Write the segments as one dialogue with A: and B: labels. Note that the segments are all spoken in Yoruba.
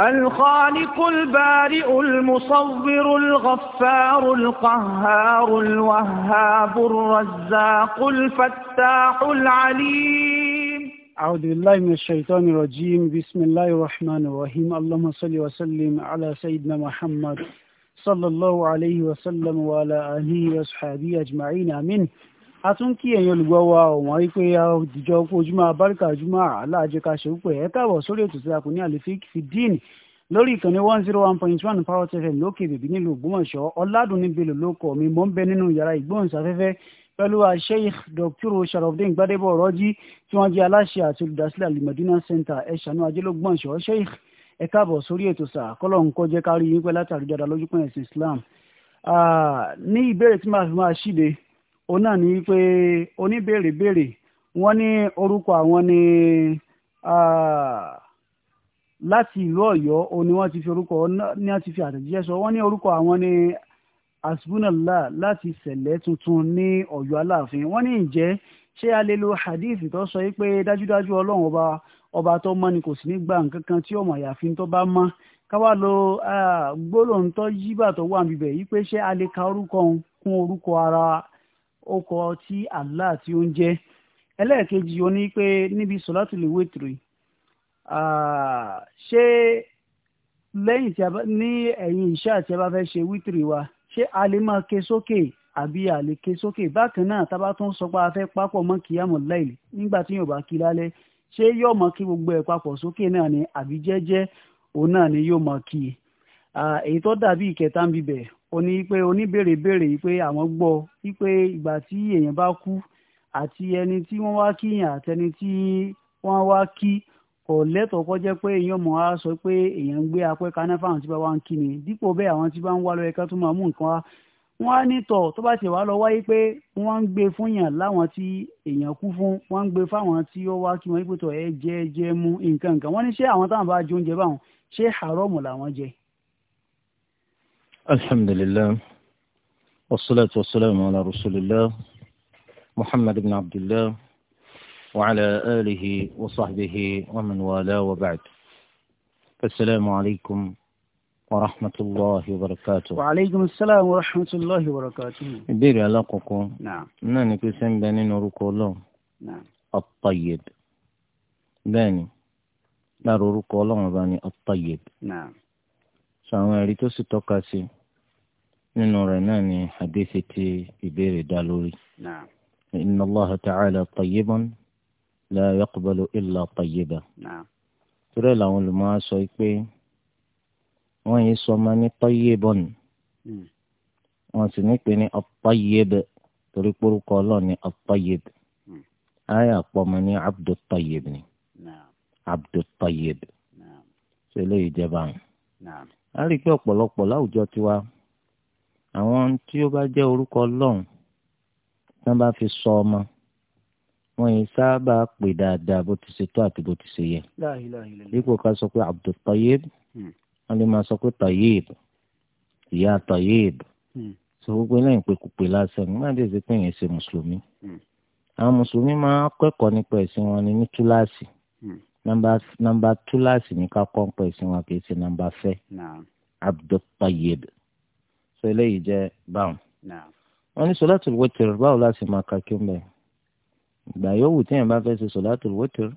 A: الخالق البارئ المصور الغفار القهار الوهاب الرزاق الفتاح العليم أعوذ بالله من الشيطان الرجيم بسم الله الرحمن الرحيم اللهم صل وسلم على سيدنا محمد صلى الله عليه وسلم وعلى آله وصحبه أجمعين آمين a tún kí ẹ̀yin olùgbọ́ wa ọ̀wọ́n wípé òjìjọ ojúmọ́ abáríkà ojúmọ́ aláàjẹ ká ṣe pé ẹ káàbọ̀ sórí ètò tí a àlefik fìdíìn lórí ìkànnì one zero one point one power tfm lókè bèbí nílùú Ògbómọ̀ṣọ́ ọ̀làdùnní belò ló kọ̀ mi mò ń bẹ nínú yàrá ìgbóhùnsáfẹ́fẹ́ pẹ̀lú Sheikh Dr. Sharafdin Gbadebo Rọ́jí tí wọ́n jẹ́ aláṣẹ àti olùdásílẹ̀ Alimadina Center ẹ̀ṣánú ajẹ́lógbọ̀nsọ̀ Sheikh ẹ káàbọ̀ sórí ètò sáà kọ́lọ̀ ń kọjẹ́ kárí yín pẹ́ látàrí dáadáa lójúpọ̀ ẹ̀sìn Islam ní ìbéèrè tí màá fi máa ṣíde òun náà ní pé oníbèrèbèrè wọ́n ní orúkọ àwọn ní láti ìlú Ọ̀yọ́ òun ni wọ́n ti fi orúkọ ní wọ́n ti fi àtẹ̀jíṣẹ́ sọ wọ́n ní orúkọ àwọn ní asbunala láti ṣẹ̀lẹ̀ tuntun ní Ọ̀yọ́ Aláàfin wọ́n ní ǹjẹ́ ṣé a lè lo hadith tó sọ pé dájúdájú Ọlọ́run ọba ọba tó mọ́ ni kò sí ní gbà nǹkan kan tí ọmọ àyàfi tó bá mọ́ káwá lo gbólóhùn tó yíbà tó wà níbẹ̀ yìí pé ṣé a lè ka orúkọ kún orúkọ ara ọkọ̀ tí Allah tí ó ń jẹ́ ẹlẹ́ẹ̀kejì ó ní pé níbi sọ̀látùlù wítìrì ṣé lẹ́yìn tí a bá ní ẹ̀yìn ìṣá tí a bá fẹ́ ṣe wítìrì wa ṣé a lè máa ké sókè àbí a lè ké sókè bákan náà tá a bá tún sọ pé a fẹ́ papọ̀ mọ́ kíyàmọ̀ láìlì nígbà tí yóò bá kí lálẹ́ ṣé yóò mọ kí gbogbo ẹ̀ papọ̀ sókè náà ni àbí jẹ́jẹ́ òun náà ni yóò mọ kí èyí tó dàbí ìkẹta ń bibẹ̀ ó ní pé oníbèrè béèrè pé àwọn gbọ́ pé ìgbà tí èèyàn bá kú àti ẹni tí wọ́n wá kíyàn àtẹni tí wọ́n wá kí kò lẹ́tọ̀ọ́ kọ́ jẹ́ pé èèyàn mọ̀ á sọ pé èèyàn ń gbé apẹ́ kaná fáwọn tí bá wá ń kí ni dípò bẹ́ẹ̀ àwọn tí bá ń wá lọ́yẹ ká tún máa mú nǹkan wá wọ́n á ní tọ̀ tó bá tiẹ̀ wá lọ wáyé pé wọ́n ń gbé fún yàn láwọn tí èèyàn kú fún wọ́n ń gbé fáwọn tí ó wá kí wọ́n yí pé tọ̀ ẹ jẹ́ jẹ́ mú nǹkan nǹkan wọ́n ní ṣé àwọn táwọn bá jẹ báwọn ṣé haramu làwọn jẹ
B: الحمد لله والصلاة والسلام على رسول الله محمد بن عبد الله وعلى آله وصحبه ومن والاه وبعد فالسلام عليكم ورحمة الله وبركاته
A: وعليكم السلام ورحمة الله وبركاته
B: بير علاقكم نعم ناني كسين باني ṣé الله نعم الطيب باني ni الله باني الطيب نعم sọ àwọn ẹ̀rí نعم nínú rẹ̀ náà ni àdéhìí ti ìbéèrè dá lórí. inna allah ta'ala tayyiban la yaqbalu illa tayyiba. torí làwọn olùmọ̀ á sọ pé wọ́n yìí sọ ma ní tayyiban hmm. wọ́n sì ní pé ní at-tayyib torí pórúkọ ọlọ́ọ̀ hmm. ní at-tayyib ayé àpọ̀mọ ní abdul tayyib ni abdul tayyib ṣe eléyìí jẹba. a rí i pé ọ̀pọ̀lọpọ̀ láwùjọ tiwa. Nah àwọn tí ó bá jẹ́ orúkọ ọlọ́run tí wọ́n bá fi sọ ọmọ wọn yìí sábà pè dáadáa bó ti ṣe tó àti bó ti ṣe yẹ. dípò ká sọ pé abdultayib hmm. wọn lè máa sọ pé tayib ìyá tayib hmm. sọ gbogbo lẹ́yìn pé kò pè lásán nígbà tí èsì pé yẹn ṣe mùsùlùmí. Hmm. àwọn mùsùlùmí máa kẹ́kọ̀ọ́ nípa ẹ̀sìn wọn ní túláàsì nọ́mbà túláàsì ní ká kọ́ nípa ẹ̀sìn wọn kì í ṣe nọ́mbà fẹ́ abdultayib sọ eléyìí jẹ́ báwọn. wọ́n ní sọláàtù wọ́tìrì báwo láti máa ka kí n bẹ̀. ìgbà yòówù tí yẹn bá fẹ́ ṣe sọláàtù wọ́tìrì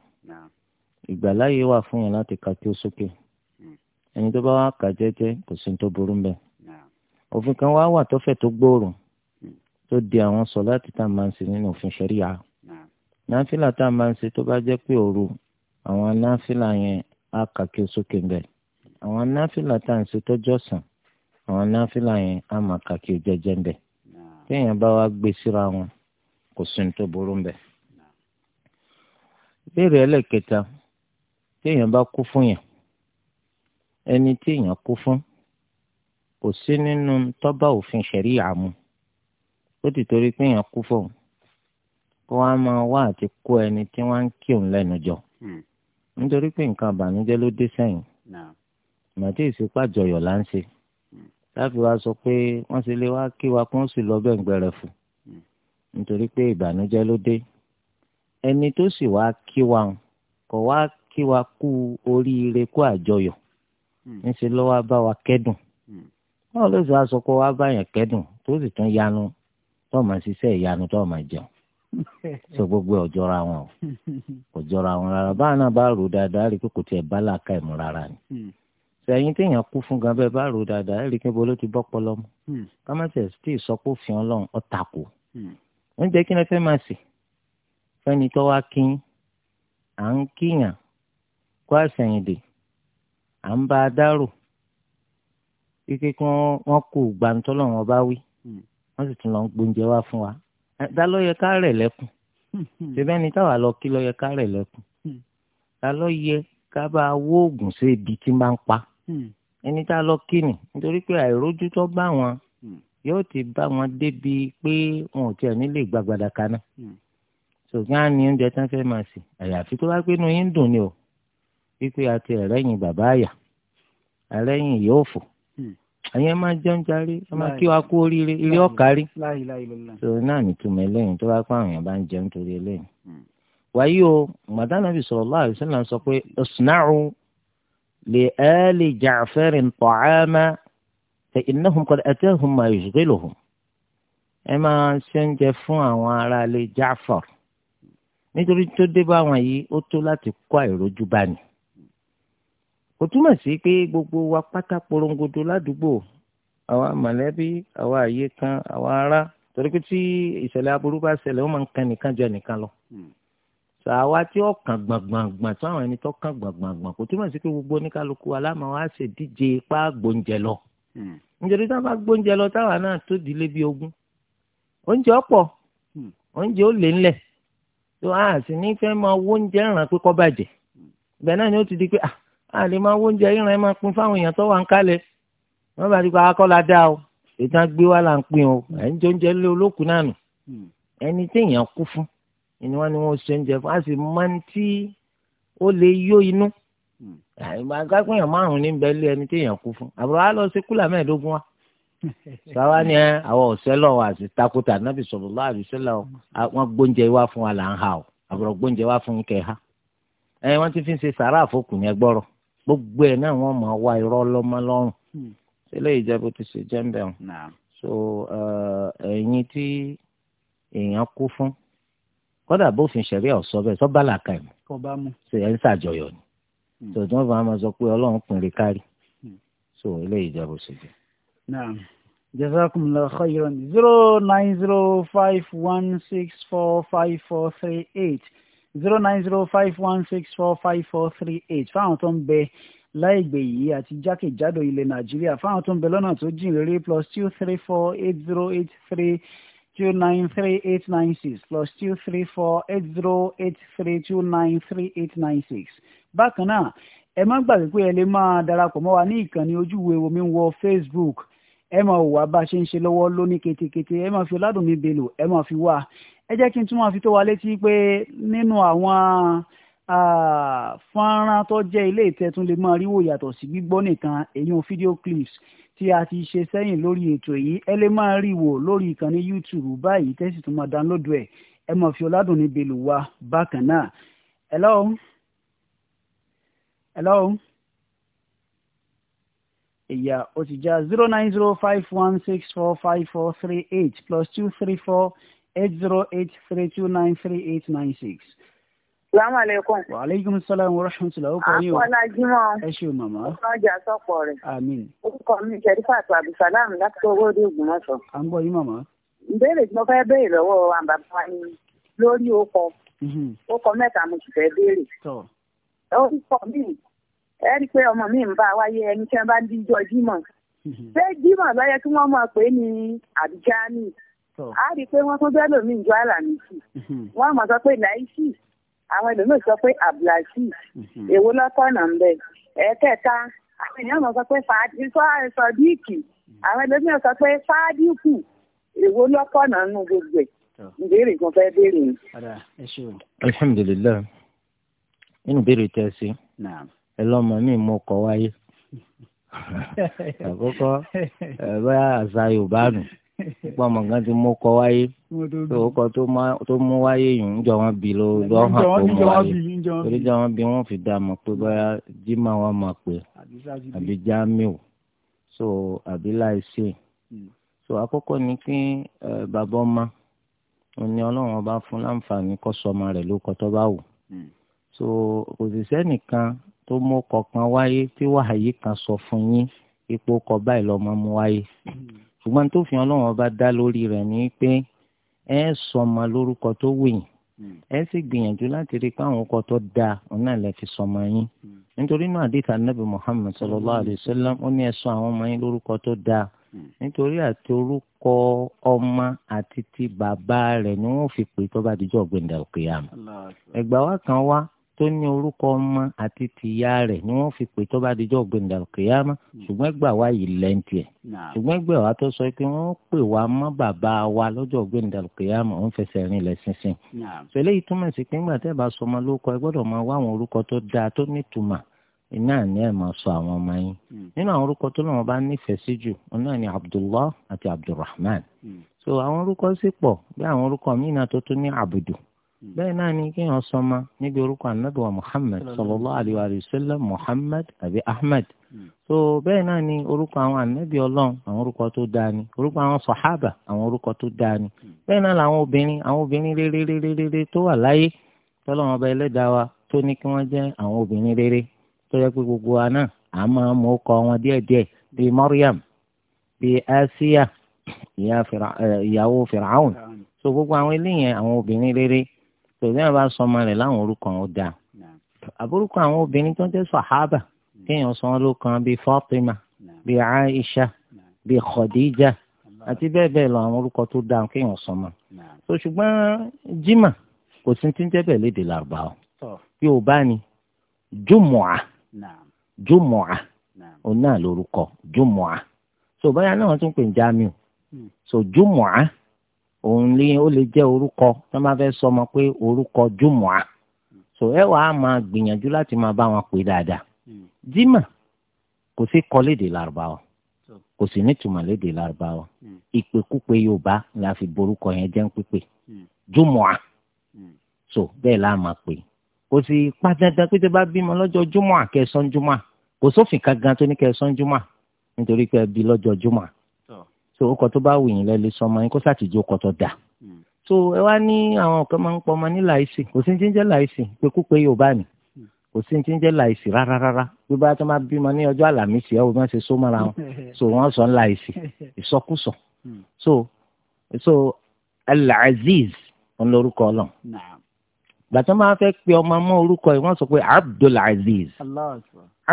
B: ìgbà láyé wà fún yẹn láti ka kí ó sókè hmm. ẹni tó bá wà kà jẹ́jẹ́ kò sí tó burú mbẹ̀. òfin kan wá wà tó fẹ̀ tó gbòòrò hmm. tó di àwọn sọláàtì tá a máa ń ṣe nínú òfin ṣẹ̀ríà. náfìlà tá a máa ń ṣe tó bá jẹ́ pé òru àwọn náfìlà yẹn á kà kí ó sókè mbẹ̀. àwọn náfìlà tá a ń ṣe tó jọ̀sán àwọn náfìlà yẹn á máa kà kí o jẹ́jẹ́ ń bẹ̀ bá wá gbé síra wọn kò sí ní tó burú ń bẹ̀. ìbéèrè ẹlẹ́kẹta téèyàn bá kú fún yàn ẹni tí èèyàn kú fún kò sí nínú tọ́ba òfin ṣẹ̀rí àmú ó ti torí pé èèyàn kú fóun kó wá máa wá àti kó ẹni tí wọ́n ń kí òun lẹ́nu jọ hmm. nítorí pé nǹkan àbànújẹ́ ló dé sẹ́yìn màtí ìsìnkú àjọyọ̀ là ń ṣe. láti sọ pé wọ́n sì lè wá kí wa kí wọ́n lọ bẹ̀ ń gbẹ̀rẹ̀ fún hmm. nítorí pé ìbànújẹ́ ló dé ẹni tó sì wá kí wa kò wá kí wa kú oríire kú àjọyọ̀ hmm. níṣẹ́ ló wá bá wa kẹ́dùn hmm. wọ́n lè sọ aṣọ pé wá bá yẹn kẹ́dùn tó sì tún yanu tó máa ṣiṣẹ́ ìyanu tó jẹun sọ gbogbo ọjọra wọn o ọjọra wọn rárá báwọn náà bá rò dáadáa rí i pé kò bá làákà rárá ni sẹ́yìn téèyàn kú fún gan bẹ́ẹ̀ bá rò dáadáa ẹ̀rí kébọ́ ló ti bọ́ pọlọ mọ́ hmm. kámẹ́sẹ̀ tí ìsọpọ̀ òfin ọlọ́run ọ̀tàkù hmm. oúnjẹ kí ni fẹ́ máa sè fẹ́ni tó wá kí à ń kíyàn kó àṣẹyìndè à ń bá a dárò kíkẹ́ kí wọ́n kú gbàǹtọ́lọ̀ wọn bá wí hmm. wọ́n sì tún lọ ń gbóúnjẹ wá fún wa dá ló yẹ ká rẹ̀ lẹ́kùn ṣebí ẹni táwa lọ kí ló yẹ lẹ́kùn dá ló ká bá a wó oògùn sí ibi tí máa ń pa Hmm. ẹni tá a lọ kí ni nítorí pé àìrójú bá wọn hmm. yóò ti bá wọn débi pé wọn ò tiẹ̀ nílé gbàgbàdà kaná ṣùgbọ́n hmm. ní oúnjẹ tán fẹ́ máa ni o wípé àti ẹ̀rẹ́yìn bàbá àyà ẹ̀rẹ́yìn ìyá òfò àyẹn máa jẹun járe ẹ máa kí wa kú oríire ilé ọ̀kárí tó náà nìtumọ̀ eléyìí tó bá pé àwọn èèyàn bá ń jẹun torí eléyìí wàyí o sọ pé ọ̀sùn لآل جعفر طعاما فإنهم قد أتاهم ما يشغلهم ẹ máa ṣẹ́ńjẹ fún àwọn aráalé Ja'far nítorí tó dé bá wọn yìí ó tó láti kó àìrójú bá ní. kò túmọ̀ sí pé gbogbo wa pátá porongodo ládùúgbò àwa mọ̀lẹ́bí àwa àyè kan àwa ará torí pé tí ìṣẹ̀lẹ̀ aburú bá ṣẹlẹ̀ ó máa ń kan nìkan jọ nìkan lọ. Hmm sọ àwa tí ó kàn gbọ̀ngbọ̀ngbọ̀n tí àwọn ẹni tó kàn gbọ̀ngbọ̀ngbọ̀n kò túmọ̀ sí pé gbogbo oníkálukú aláma wa ṣe díje ipá gbóúnjẹ lọ. Hmm. nítorí táwọn bá gbóúnjẹ lọ táwa náà tó dílé bíi ogún oúnjẹ ọ̀pọ̀ hmm. oúnjẹ ó lé ńlẹ̀ tó a sì ní fẹ́ máa wó oúnjẹ ràn pé kọ́ bàjẹ́ hmm. ibẹ̀ náà ni ó ti di pé ah, a lè máa wó oúnjẹ ìrìn máa pín fáwọn èèyàn tó wà ń kálẹ̀ wọ́n bá di pa akọ́lá ah, dá o ìtàn gbé wá là ń pín o ẹ̀ ń jẹ oúnjẹ lé olókùn náà nù ẹni tí èèyàn kú fún ni wọ́n ní wọ́n ṣe ń jẹ fún a sì máa ń tí ó lè yó inú hmm. àgbàgbọ́n èèyàn márùn-ún ní bẹ́ẹ̀lì ẹni tí èèyàn kú fún àbúrò á lọ sí kúlà mẹ́ẹ̀ẹ́dógún wa sáwa ni ẹ àwọn ọ̀sẹ́ lọ́wọ́ àti takuta nábì sallallahu alaihi wasallam wọn gbóúnjẹ wá fún wa là ń ha o àbúrò gbóúnjẹ wá fún kẹ ẹ wọ́n ti fi ṣe sàrà àfọkùn yẹn gbọ́rọ̀ gbogbo ẹ̀ náà wọ́n máa wá irọ́ lọ́mọ lọ́rùn sílẹ̀ hmm. ìjẹ́bù ti ṣe jẹ́ńbẹ̀ wọn so ẹ̀yin tí èèyàn kú fún kódà bófin ṣẹ̀rí ọ̀sọ́ bẹ́ẹ̀ sọ́ba làkà ẹ̀ ṣe ẹ̀ ń ṣàjọyọ̀ ni tó hmm. tí wọ́n fà máa sọ pé ọlọ́run pinre kárí hmm. so eléyìí jẹ́ bó ṣe jẹ́.
A: naam zero nine zero five one six four five four three eight zero nine zero five one six four five four three eight fáwọn tó ń bẹ láìgbè yìí àti jákèjádò ilẹ̀ nàìjíríà fáwọn tó ń bẹ lọ́nà tó jìn réré plus two three four eight zero eight three two nine three eight nine six plus two three four eight zero eight three two nine three eight nine six. bákan náà ẹ má gbàgbé pé ẹ lè máa darapọ̀ mọ́ wa ní ìkànnì ojúwe omi ń wọ Facebook ẹ máa wò wá bá a ṣe ń ṣe lọ́wọ́ lóní ketekete ẹ máa fi ọ̀làdùnmí belò ẹ máa fi wá ẹ jẹ́ kí n tún máa fi tó wa létí pé nínú àwọn fọ́nrán tó jẹ́ ilé ìtẹ́tún lè máa ríwò yàtọ̀ sí gbígbọ́ nìkan èyí fídíò clips tí a ti ṣe sẹ́yìn lórí ètò yìí ẹ lè máa rí wò lórí ìkànnì YouTube báyìí tẹ́sí tó máa dánlódù ẹ̀ ẹ mọ̀ fi ọ̀làdùn níbi lù bákan náà. hello hello ìyá ó ti já zero nine zero five one six four five four three eight plus two three four eight zero eight three two nine three eight nine six. Salamu alaikum. Wa alaikum salam wa rahmatullahi wa barakatuh. Àwọn alájímọ̀. Ẹ ṣe o màmá. Ó
C: kàn jà sọ́pọ̀ rẹ̀. Àmín. Orúkọ mi Sherifat Abdulsalam láti owó orí Ògbómọ̀ṣọ́.
A: À ń bọ̀ yín màmá.
C: Ìbéèrè tí mo fẹ́ béèrè lọ́wọ́ àǹbàbá wa ni lórí ọkọ̀. Ọkọ̀ mhm. mẹ́ta mo sì fẹ́ béèrè. Orúkọ mi ẹ rí i pé ọmọ mi ń bá wáyé ẹni tí wọ́n bá ń díjọ jímọ̀. Mhm. Ṣé jímọ̀ ló yẹ kí wọ́n mọ̀ pé ní àbíjá ni? A rí i pé wọ́n tún bẹ́ẹ̀ lòmí
D: ìjọ
C: àwọn ẹlòmíì sọ pé abdulaziz mhm. èwo lọ́tọ̀nà ń bẹ̀ ẹ̀ẹ́kẹta àwọn ènìyàn mọ̀ sọ pé sọdíìkì mhm. àwọn ẹlòmíì sọ pé fàdíkù èwo lọ́tọ̀nà nù gbogbo ẹ̀
A: ìbéèrè kan fẹ́ béèrè ni.
B: alhamdulilayi nínú ìbéèrè tẹ́ ẹ sí ẹ lọ́mọ mi mọ ọkọ̀ wáyé
A: àkọ́kọ́
B: ẹ bá àṣà yorùbá nù pọ ọmọ nǹkan ti mú kọ wáyé tó kọ tó mú wáyé yìí ń jọ wọn bí ló lọ hàn kó mú wáyé torí jọ wọn bí wọn fi dá mọ̀ pé bóyá jimá wọn mọ̀ pé àbí jamiu so àbí láìsè hmm. so àkọ́kọ́ ni kí bàbá ọmọ òní Ọlọ́run ọba fún láǹfààní kọ sọmọ rẹ̀ ló kọ tó bá wù hmm. so kò sì sẹ́nìkan tó mú kọ̀ọ̀kan wáyé tí wàhálì kan sọ fún yín ipò kọ báyìí lọ́mọ mú wáyé. Hmm ṣùgbọ́n tó fi ọlọ́run ọba dá lórí rẹ̀ ni pé ẹ sọmọ lórúkọ tó wù yín hmm. ẹ sì gbìyànjú láti rí i pé àwọn ọkọ tó dáa òun náà lè fi sọmọ yín hmm. nítorí náà àdìtà nàbì Muhammad sallallahu alayhi wa sallam ó ní ẹ sọ àwọn ọmọ yín lórúkọ tó dáa hmm. nítorí àti orúkọ ọmọ àti ti bàbá rẹ̀ ni wọ́n fi pè tó bá dijọ́ gbẹ̀ndà òkè ẹgbàá wa kan wá tó ní orúkọ ọmọ àti tìyá rẹ̀ ni wọ́n fi pè tó bá dijọ́ gbẹ̀ndà kìyàmá hmm. ṣùgbọ́n ẹgbà wa yìí lẹ́ǹtì ẹ̀ ṣùgbọ́n ẹgbà wa tó sọ pé wọ́n pè wá mọ́ bàbá wa lọ́jọ́ gbẹ̀ndà kìyàmá òun fẹsẹ̀ rìn lẹ̀ sínsìn. sọlẹ́ yìí túmọ̀ sí pé ńgbà tẹ́ bá sọ ọmọ ẹ gbọ́dọ̀ máa wá àwọn orúkọ tó dáa tó nítumà náà ni ẹ máa sọ àwọn ọmọ yín hmm. nínú àwọn orúkọ tó lọ́wọ́ bá nífẹ̀ẹ́ sí jù náà ni Abdullah àti Abdulrahman hmm. so àwọn orúkọ sì pọ̀ bí àwọn orúkọ míì náà tó tún ní Abudu Hmm. bẹ́ẹ̀ náà ni kí wọ́n sọmọ níbi orúkọ ànábì wa muhammed sallallahu alayhi wa sallam muhammed àbí ahmed hmm. so bẹ́ẹ̀ náà ni orúkọ àwọn ànábì ọlọ́run àwọn orúkọ tó dáa ni orúkọ àwọn sọ̀hábà àwọn orúkọ tó dáa ni hmm. bẹ́ẹ̀ náà làwọn obìnrin àwọn obìnrin rere tó wà láyé tọ́lọ́wọ́n ọba ẹlẹ́dàá wa tó ní kí wọ́n jẹ́ àwọn obìnrin rere tó yẹ pé gbogbo wa náà à máa mú ọkọ wọn díẹ̀díẹ̀ bíi maryam bíi asiya eh, ìyàwó fìràhùn so gbogbo àwọn eléyìí àwọn obìnrin rere tòbí àwọn bá sọ ọmọ rẹ̀ láwọn orúkọ àwọn dà àbúrúkọ àwọn obìnrin tó ń jẹ́ sàhábà kéèyàn sọ wọn ló kan bíi Fatima bíi Aisha bíi Khadija àti bẹ́ẹ̀ bẹ́ẹ̀ lọ àwọn orúkọ tó dáa kéèyàn sọ mọ́ so ṣùgbọ́n jimá kò sí ti ń jẹ́bẹ̀ léde làrúbáwọ̀ Yorùbá ni jùmọ̀à jùmọ̀à òun náà lórúkọ jùmọ̀à so náà wọ́n tún pè ń jámíù hmm. so jùmọ̀à òun lé ó lè jẹ́ orúkọ tó máa fẹ́ sọ ọmọ pé orúkọ jùmọ̀á so ẹ wàá máa gbìyànjú láti máa bá wọn pè dáadáa hmm. jimá kò sí kọ lédè lárúbáwá kò sì nítumọ̀ lédè lárúbáwá hmm. ìpèkúpè yorùbá la fi borúkọ yẹn jẹ́ ń pípé hmm. jùmọ̀á so bẹ́ẹ̀ láà máa pè kò sí pàtàkì pété bá bímọ lọ́jọ́ jùmọ̀á kẹsàn-án jùmọ̀á kò sófin kan gan tó ní kẹsàn-án jùmọ̀á nítorí pé ẹ bí lọ́jọ́ jùmọ̀á so ó kọ tó bá wù yín lẹ́lẹ́ sọmọ yín kó sàtìjú ọkọ̀ tó dà hmm. so ẹ wá ní àwọn kan máa ń pọ ọmọ ní láìsì kò sí ní jẹ́ láìsì pé kú pé yóò bá mi kò sí ní jẹ́ láìsì rárá rárá bí bá tó máa bímọ ní ọjọ́ àlàmísì ẹ̀ wò má ṣe só mọ́ra wọn so wọ́n sọ ń láìsì ìsọkúsọ hmm. so so Al-Aziz ń lórúkọ ọlọ́run gbàtọ́ máa fẹ́ pe ọmọ mọ́ orúkọ yìí wọ́n sọ pé Abdulaziz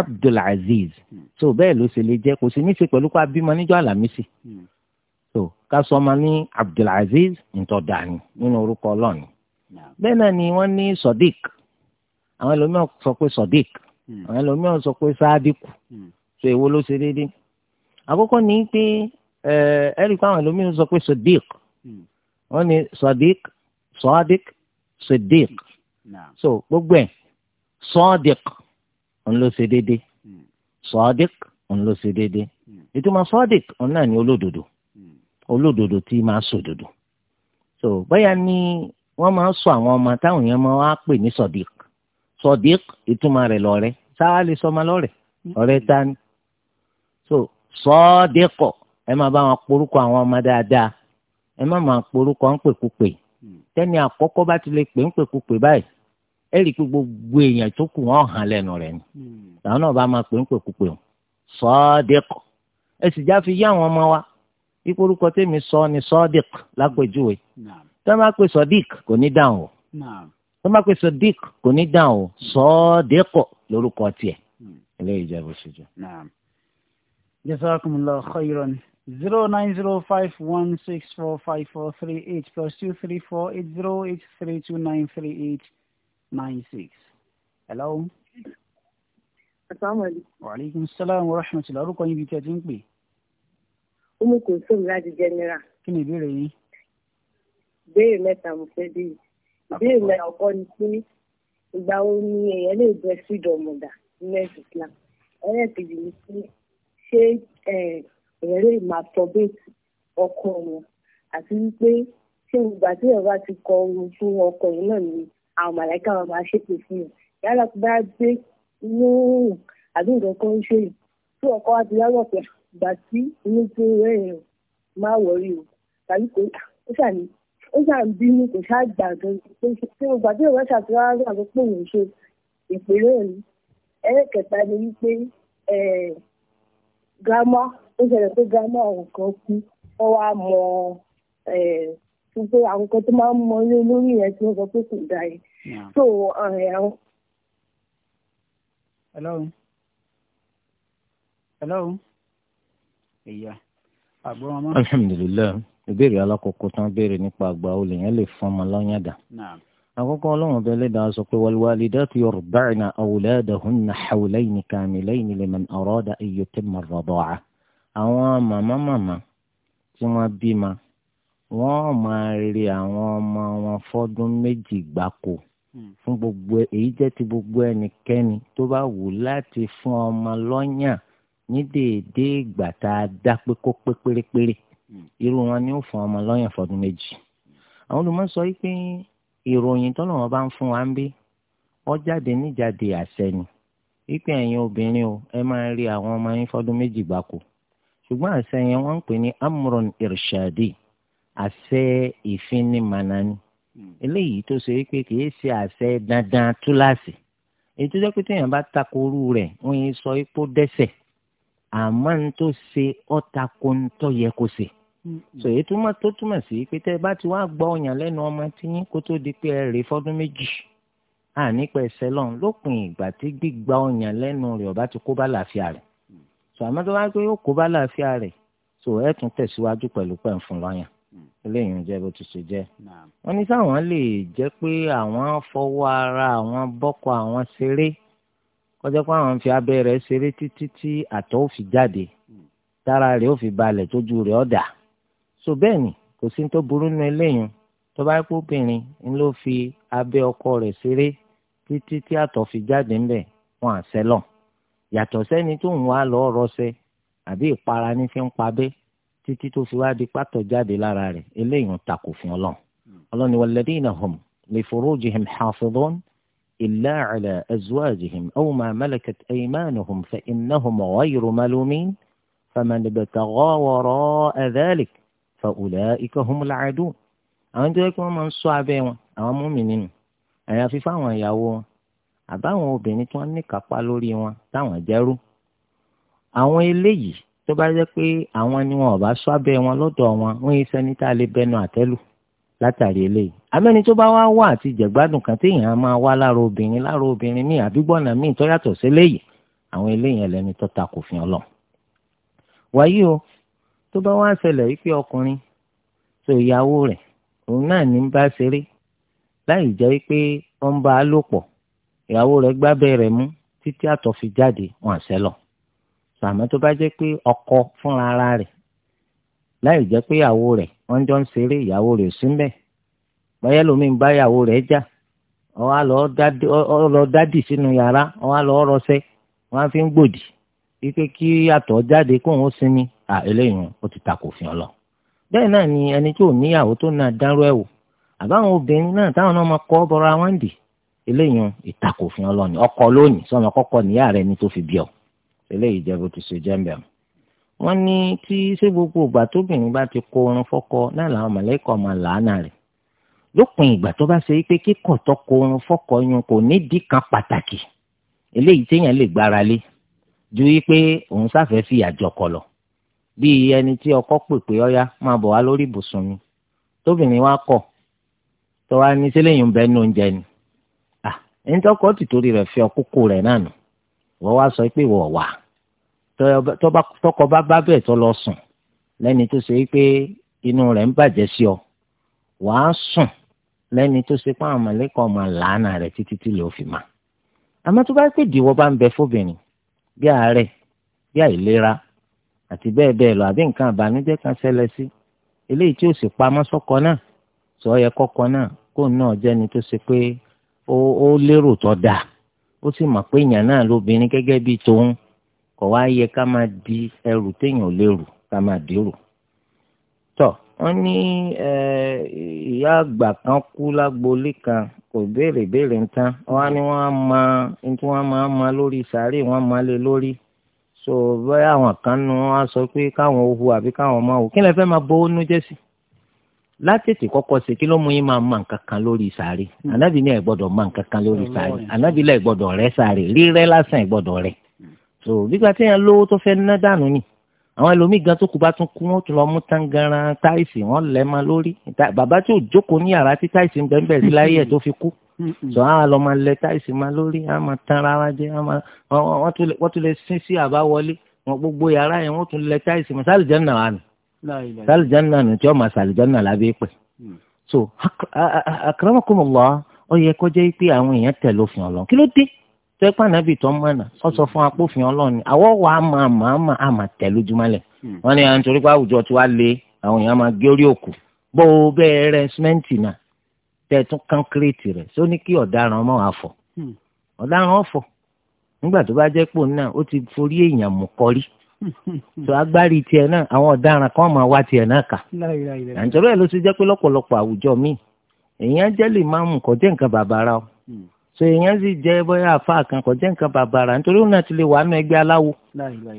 B: Abdulaziz hmm. so bẹ́ẹ̀ ló ṣe lè jẹ́ kò sí ní í ṣe pẹ̀lú pé abímọ níjọ́ àlàmísì ká sọmọ ní Abdulaziz ntọ́dàní nínú orúkọ ọlọ́ọ̀ni bẹ́ẹ̀ náà ni wọ́n ní Sodiq àwọn ẹlòmíràn sọ pé Sodiq hmm. àwọn ẹlòmíràn sọ pé sáàdìkù hmm. so èwo ló ṣe déédéé àkọ́kọ́ ni pé ẹ̀rí pé àwọn ẹlòmíràn sọ pé Sodiq hmm. wọ́n ní Sodiq Sodiq Sodiq so gbogbo ẹ̀ Sodiq òun ló ṣe déédéé Sodiq òun ló ṣe déédéé ìtumọ̀ Sodiq òun náà ni olódodo. Mm olódodo tí máa sòdodo so bóyá ni wọ́n máa sọ àwọn ọmọ táwọn yẹn máa wá pè ní sọdík sọdík ìtumọ̀ rẹ̀ lọ́rẹ́ sáà lè sọmọ lọ́rẹ́ ọ̀rẹ́ ta ni so sọdíkọ ẹ máa bá wọn porúkọ àwọn ọmọ dáadáa ẹ má máa porúkọ ń pèkúpè tẹ́ni àkọ́kọ́ bá ti lè pè ń pèkúpè báyìí ẹ rí i pé gbogbo èèyàn tó kù wọ́n hàn lẹ́nu rẹ̀ ni làwọn náà bá máa pè ń pèkúpè o sọdíkọ ẹ sì já fi yá àwọn ọmọ wa ipò orúkọ tèmi sọ ni sọdík lápèjúwe tó bá pè sọdík kò ní dáhùn o tó bá pè sọdík kò ní dáhùn o sọdíkọ lórúkọ tiẹ̀ hmm. eléyìí jẹ bó ṣe jẹ.
A: jazakumullahu khairan zero nine zero five one six four five four three eight plus two three four eight zero eight three two nine three eight nine six. hello. asalaamualeykum. wa aleykum salaam wa rahmatulah orúkọ yín bíi tẹ́tí ń pè
C: umu kulsum láti general.
A: kí ni ìbéèrè yín. ìbéèrè
C: mẹ́ta mo fẹ́ bí ìbéèrè mẹ́ta ọkọ ni pé ìgbà wo ni èèyàn lè bẹ sídọ̀mù dà nílẹ̀ Islam ẹlẹ́ẹ̀kejì ni pé ṣé èèyàn lè máa sọ bẹ́ẹ̀tì ọkọ wọn àti wípé ṣé ìgbà tí èèyàn bá ti kọ ohun fún ọkọ yìí náà ni àwọn màláìka wọn máa ṣépè fún yàn yálà bá gbé lóòrùn àbí nǹkan kan ṣe tí ọkọ wa ti yálọ̀ pẹ̀lú ìgbà tí inú tó rẹ́yìn o má wọrí o tàbí kò ó ṣàní ó ṣàn bínú kò ṣáà gbà gan pé mo gbà tí ìwọ ṣàtúrà wà ló pé òun ṣe ìpínlẹ̀ òní ẹlẹ́kẹta ni wípé gírámà ó ṣẹlẹ̀ pé gírámà ọ̀hún kan kú wọ́n wá mọ pé àwọn kan tó máa ń mọ ilé olórí yẹn tí wọ́n sọ pé kò dáa yẹn so àwọn.
A: hello hello ìyá àgbọràn mọ.
B: alhamdulilayi ìbéèrè alákọ̀ọ́kọ́ tán béèrè nípa àgbà olè yẹn lè fún ọmọ lọ́yàdà. àkọ́kọ́ ọlọ́run bẹ́ẹ̀ lẹ́dàá sọ pé walwalidatu yurdi'na awladahunna hawlayni kamilayni liman arada an yutimma ar-rida'a. àwọn màmá màmá tí wọ́n bímọ wọ́n máa rí àwọn ọmọ wọn fọ́dún méjì gbáko hmm. fún gbogbo èyí jẹ́ ti gbogbo ẹnikẹ́ni tó bá wù láti fún ọmọ lọ́yàn ní déédéé ìgbà tá a dá pé kó pé pérépéré hmm. irú wọn ni ó fún ọmọ lọ́yàn fọdún méjì àwọn olùmọ̀ sọ pé ìròyìn tọ́lọ̀ wọn bá ń fún wa ń bí ọ jáde níjáde àṣẹ ni wípé ẹ̀yin obìnrin o ẹ máa rí àwọn ọmọ yín fọdún méjì gbáko ṣùgbọ́n àṣẹ yẹn ń pè ní amron irshadi àṣẹ ìfinimànani hmm. eléyìí tó ṣe wípé kì í ṣe àṣẹ dandan túláàsì èyí tó jẹ́ pé téèyàn bá takoru rẹ̀ wọ́n yẹn sọ pé ó àmọ́ ń tó ṣe ọ̀tà kó ń tọ́ yẹ kó ṣe. sọ èyí túmọ̀ tó túmọ̀ sí pé tẹ́ ẹ bá ti wá gbọ́ ọ̀yàn lẹ́nu ọmọ tí yín kó tó di pé ẹ rè fọ́dún méjì ànípa ẹsẹ̀ lọ́n lópin ìgbà tí gbígba ọ̀yàn lẹ́nu rẹ̀ ọba ti kó bá làáfíà rẹ̀ sọ àmọ́ tó bá pé ó kó bá làáfíà rẹ̀ sọ ẹ tún tẹ̀síwájú pẹ̀lú pẹ̀fún lọ́yàn mm. eléyìí ń jẹ́ bó ti ṣe jẹ́ wọ́n ní sáwọn lè jẹ́ pé àwọn fọwọ́ ara àwọn bọ́kọ àwọn ṣeré kọjá pé àwọn fi abẹ́ rẹ̀ ṣeré títí tí àtọ̀ ò fi jáde hmm. tára rẹ̀ ò fi balẹ̀ tójú rẹ̀ ọ̀ dà so bẹ́ẹ̀ ni kò sí tó burú nínú eléyìí tó bá pé obìnrin ń ló fi abẹ́ ọkọ rẹ̀ ṣeré títí tí àtọ̀ fi jáde ńbẹ̀ wọn à sẹ́lọ̀ yàtọ̀ sẹ́ni tó ń wá lọ́ọ́ rọṣẹ́ àbí ìpara ní fi ń pabẹ́ títí tó fi wá di pátọ̀ jáde lára rẹ̀ eléyìí ń takò fún ọlọ́run hmm. ọlọ́run ni walladina إلا على أزواجهم أو ما ملكت أيمانهم فإنهم غير ملومين فمن ابتغى وراء ذلك فأولئك هم العادون àwọn tó yẹ kí wọ́n máa ń ṣọ́ abẹ́ wọn àwọn mùmínì nínú àyàfi fáwọn ìyàwó wọn àbáwọn obìnrin tí wọ́n ní kápá lórí wọn táwọn jẹ́rú àwọn eléyìí tó bá jẹ́ pé àwọn ni wọn ò bá ṣọ́ abẹ́ wọn lọ́dọ̀ wọn wọ́n yẹ sẹ́ni tá a lè bẹnu àtẹ́lù látàrí eléyìí amẹ́ni tó bá wá wà àti jẹ̀gbádùn kan téèyàn á máa wá lára obìnrin lára obìnrin míì àbígbọ́nà míì tó yàtọ̀ sí eléyìí àwọn eléyìí ẹlẹ́ni tó ta kò fihàn lọ. wàyí o tó bá wá ṣẹlẹ̀ wípé ọkùnrin tó ìyàwó rẹ̀ òun náà ní bá ṣeré láì jẹ́ pé wọ́n bá a lò pọ̀ ìyàwó rẹ̀ gbábẹ́ rẹ̀ mú títí àtọ̀ fi jáde wọn àṣẹ lọ. sàmọ́ tó bá jẹ́ pé ọkọ fúnra ara rẹ̀ láì jẹ́ pé ìyàwó rẹ̀ wọ́n jọ ń ṣeré ìyàwó rẹ̀ sí mbẹ́ báyẹ̀ lómi ń bá ìyàwó rẹ̀ jà ọwọ́ lọ dádì sínú yàrá lọ wọ́n fi ń gbòdì kí jáde kó òun sinmi à eléyìí ó ti takò ọlọ. lọ. ni ẹni tí ò níyàwó tó náà dárú àbáwọn obìnrin náà táwọn náà máa wọn dì eléyìí ìtakò lọ ni ọkọ lónìí rẹ ni fi bí ọ eléyìí bó ti ṣe wọ́n ní tí ṣé gbogbo ìgbà tóbìnrin bá ti kó oorun fọ́kọ náà làwọn mọ̀lẹ́kọ̀ máa làánà rẹ̀ lópin ìgbà tó bá ṣe pé kíkọ̀ tó kó oorun fọ́kọ yun kò nídìí kan pàtàkì eléyìí téèyàn lè gbára lé ju wípé òun sáfẹ́ fi àjọkọ lọ bíi ẹni tí ọkọ pèpè ọyá máa bọ̀ wá lórí ibùsùn mi tóbìnrin wa kọ̀ tó wá ní sílẹ̀yìn bẹ́ẹ̀ ní oúnjẹ ni à ń tọkọ tìtorí rẹ̀ fi ọkọ kó rẹ̀ náà nù wọ́n wá sọ pé wọ́n wà á tọkọ bá bá bẹ̀ tọ́ lọ sùn lẹ́ni tó ṣe pé inú rẹ̀ ń bàjẹ́ sí ọ wàá sùn lẹ́ni tó ṣe pé àwọn mọ̀lẹ́kọ̀ ọmọ làánà rẹ̀ títí tí lè fi mà àmọ́ tó bá pè dìwọ́ bá ń bẹ fóbìnrin bí àárẹ̀ bí àìlera àti bẹ́ẹ̀ bẹ́ẹ̀ lọ àbí nǹkan àbànújẹ́ kan ṣẹlẹ̀ sí eléyìí tí ó sì pamọ́ sọ́kọ náà sọ yẹ kọ́kọ́ náà kó náà jẹ́ni tó ṣe pé ó lérò tó dáa ó sì mọ̀ pé èèyàn náà lóbìnrin gẹ́gẹ́ bíi tòun kò wá yẹ ká máa di ẹrù téèyàn ò lérò ká máa dérò tọ wọn ní ìyá àgbà kan kú lágboolé kan kò béèrè béèrè ń tán wọn ni wọn máa ní tí wọn máa máa lórí sàárè wọn máa lé lórí so bẹ́ẹ̀ àwọn kan nu wọn sọ pé káwọn ò hu àbí káwọn máa hù kí lè fẹ́ máa bọ́ ọ́nú jẹ́sí látètè kọ́kọ́ ṣe kí ló mú yín máa ma nǹkan kan lórí sàárè ànábì ní ẹ̀ gbọ́dọ̀ ma nǹkan kan lórí sàárè ànábì lẹ̀ gbọ́dọ̀ rẹ́ sàárè rírẹ́ lásán ẹ̀ gbọ́dọ̀ rẹ́ so gbígbà tí èèyàn lówó tó fẹ́ ná dànù ni àwọn ẹlòmíì gan tó kú bá tún kú wọn tún lọ mú tangaran táìsì wọn lẹ máa lórí bàbá tí ò jókòó ní yàrá tí táìsì ń bẹ́ẹ̀ bẹ́ẹ̀ sí láyé ẹ̀ tó fi kú sọ àwọn àlọ́ máa lẹ táìsì máa lórí àwọn máa tan ara wa jẹ tún lè sín sí àbáwọlé wọn gbogbo yàrá yẹn wọ́n tún lẹ táìsì máa sálìjánà wà nù sálìjánà nù tí wọ́n máa sálìjánà lábẹ́ pẹ̀ mm. so akramakumullah ó yẹ kó jẹ́ pé àwọn èèyàn tẹ̀lé òfin Ọlọ́run kí ló dé tẹ́pẹ́ ànábì tó mọ̀nà ọ sọ fún apófin ọlọ́ọ̀ni àwọ̀ wà á máa máa máa àmà tẹ̀ lójúmọ́lẹ̀ hmm. wọ́n ní àwọn pé àwùjọ tí wàá lé àwọn èèyàn máa gé orí òkú bó bẹ́ẹ̀ rẹ símẹ́ǹtì náà tẹ̀ tún rẹ̀ só ní kí ọ̀daràn ọmọ wa fọ̀ hmm. ọ̀daràn ọ̀fọ̀ nígbà tó bá jẹ́ pò náà ó ti forí èèyàn mú kọrí tó hmm. agbárí tiẹ̀ náà so èèyàn sì jẹ́ bóyá àfa kan kò jẹ́ nǹkan bàbàrà nítorí òun náà ti lè wà nù ẹgbẹ́ aláwo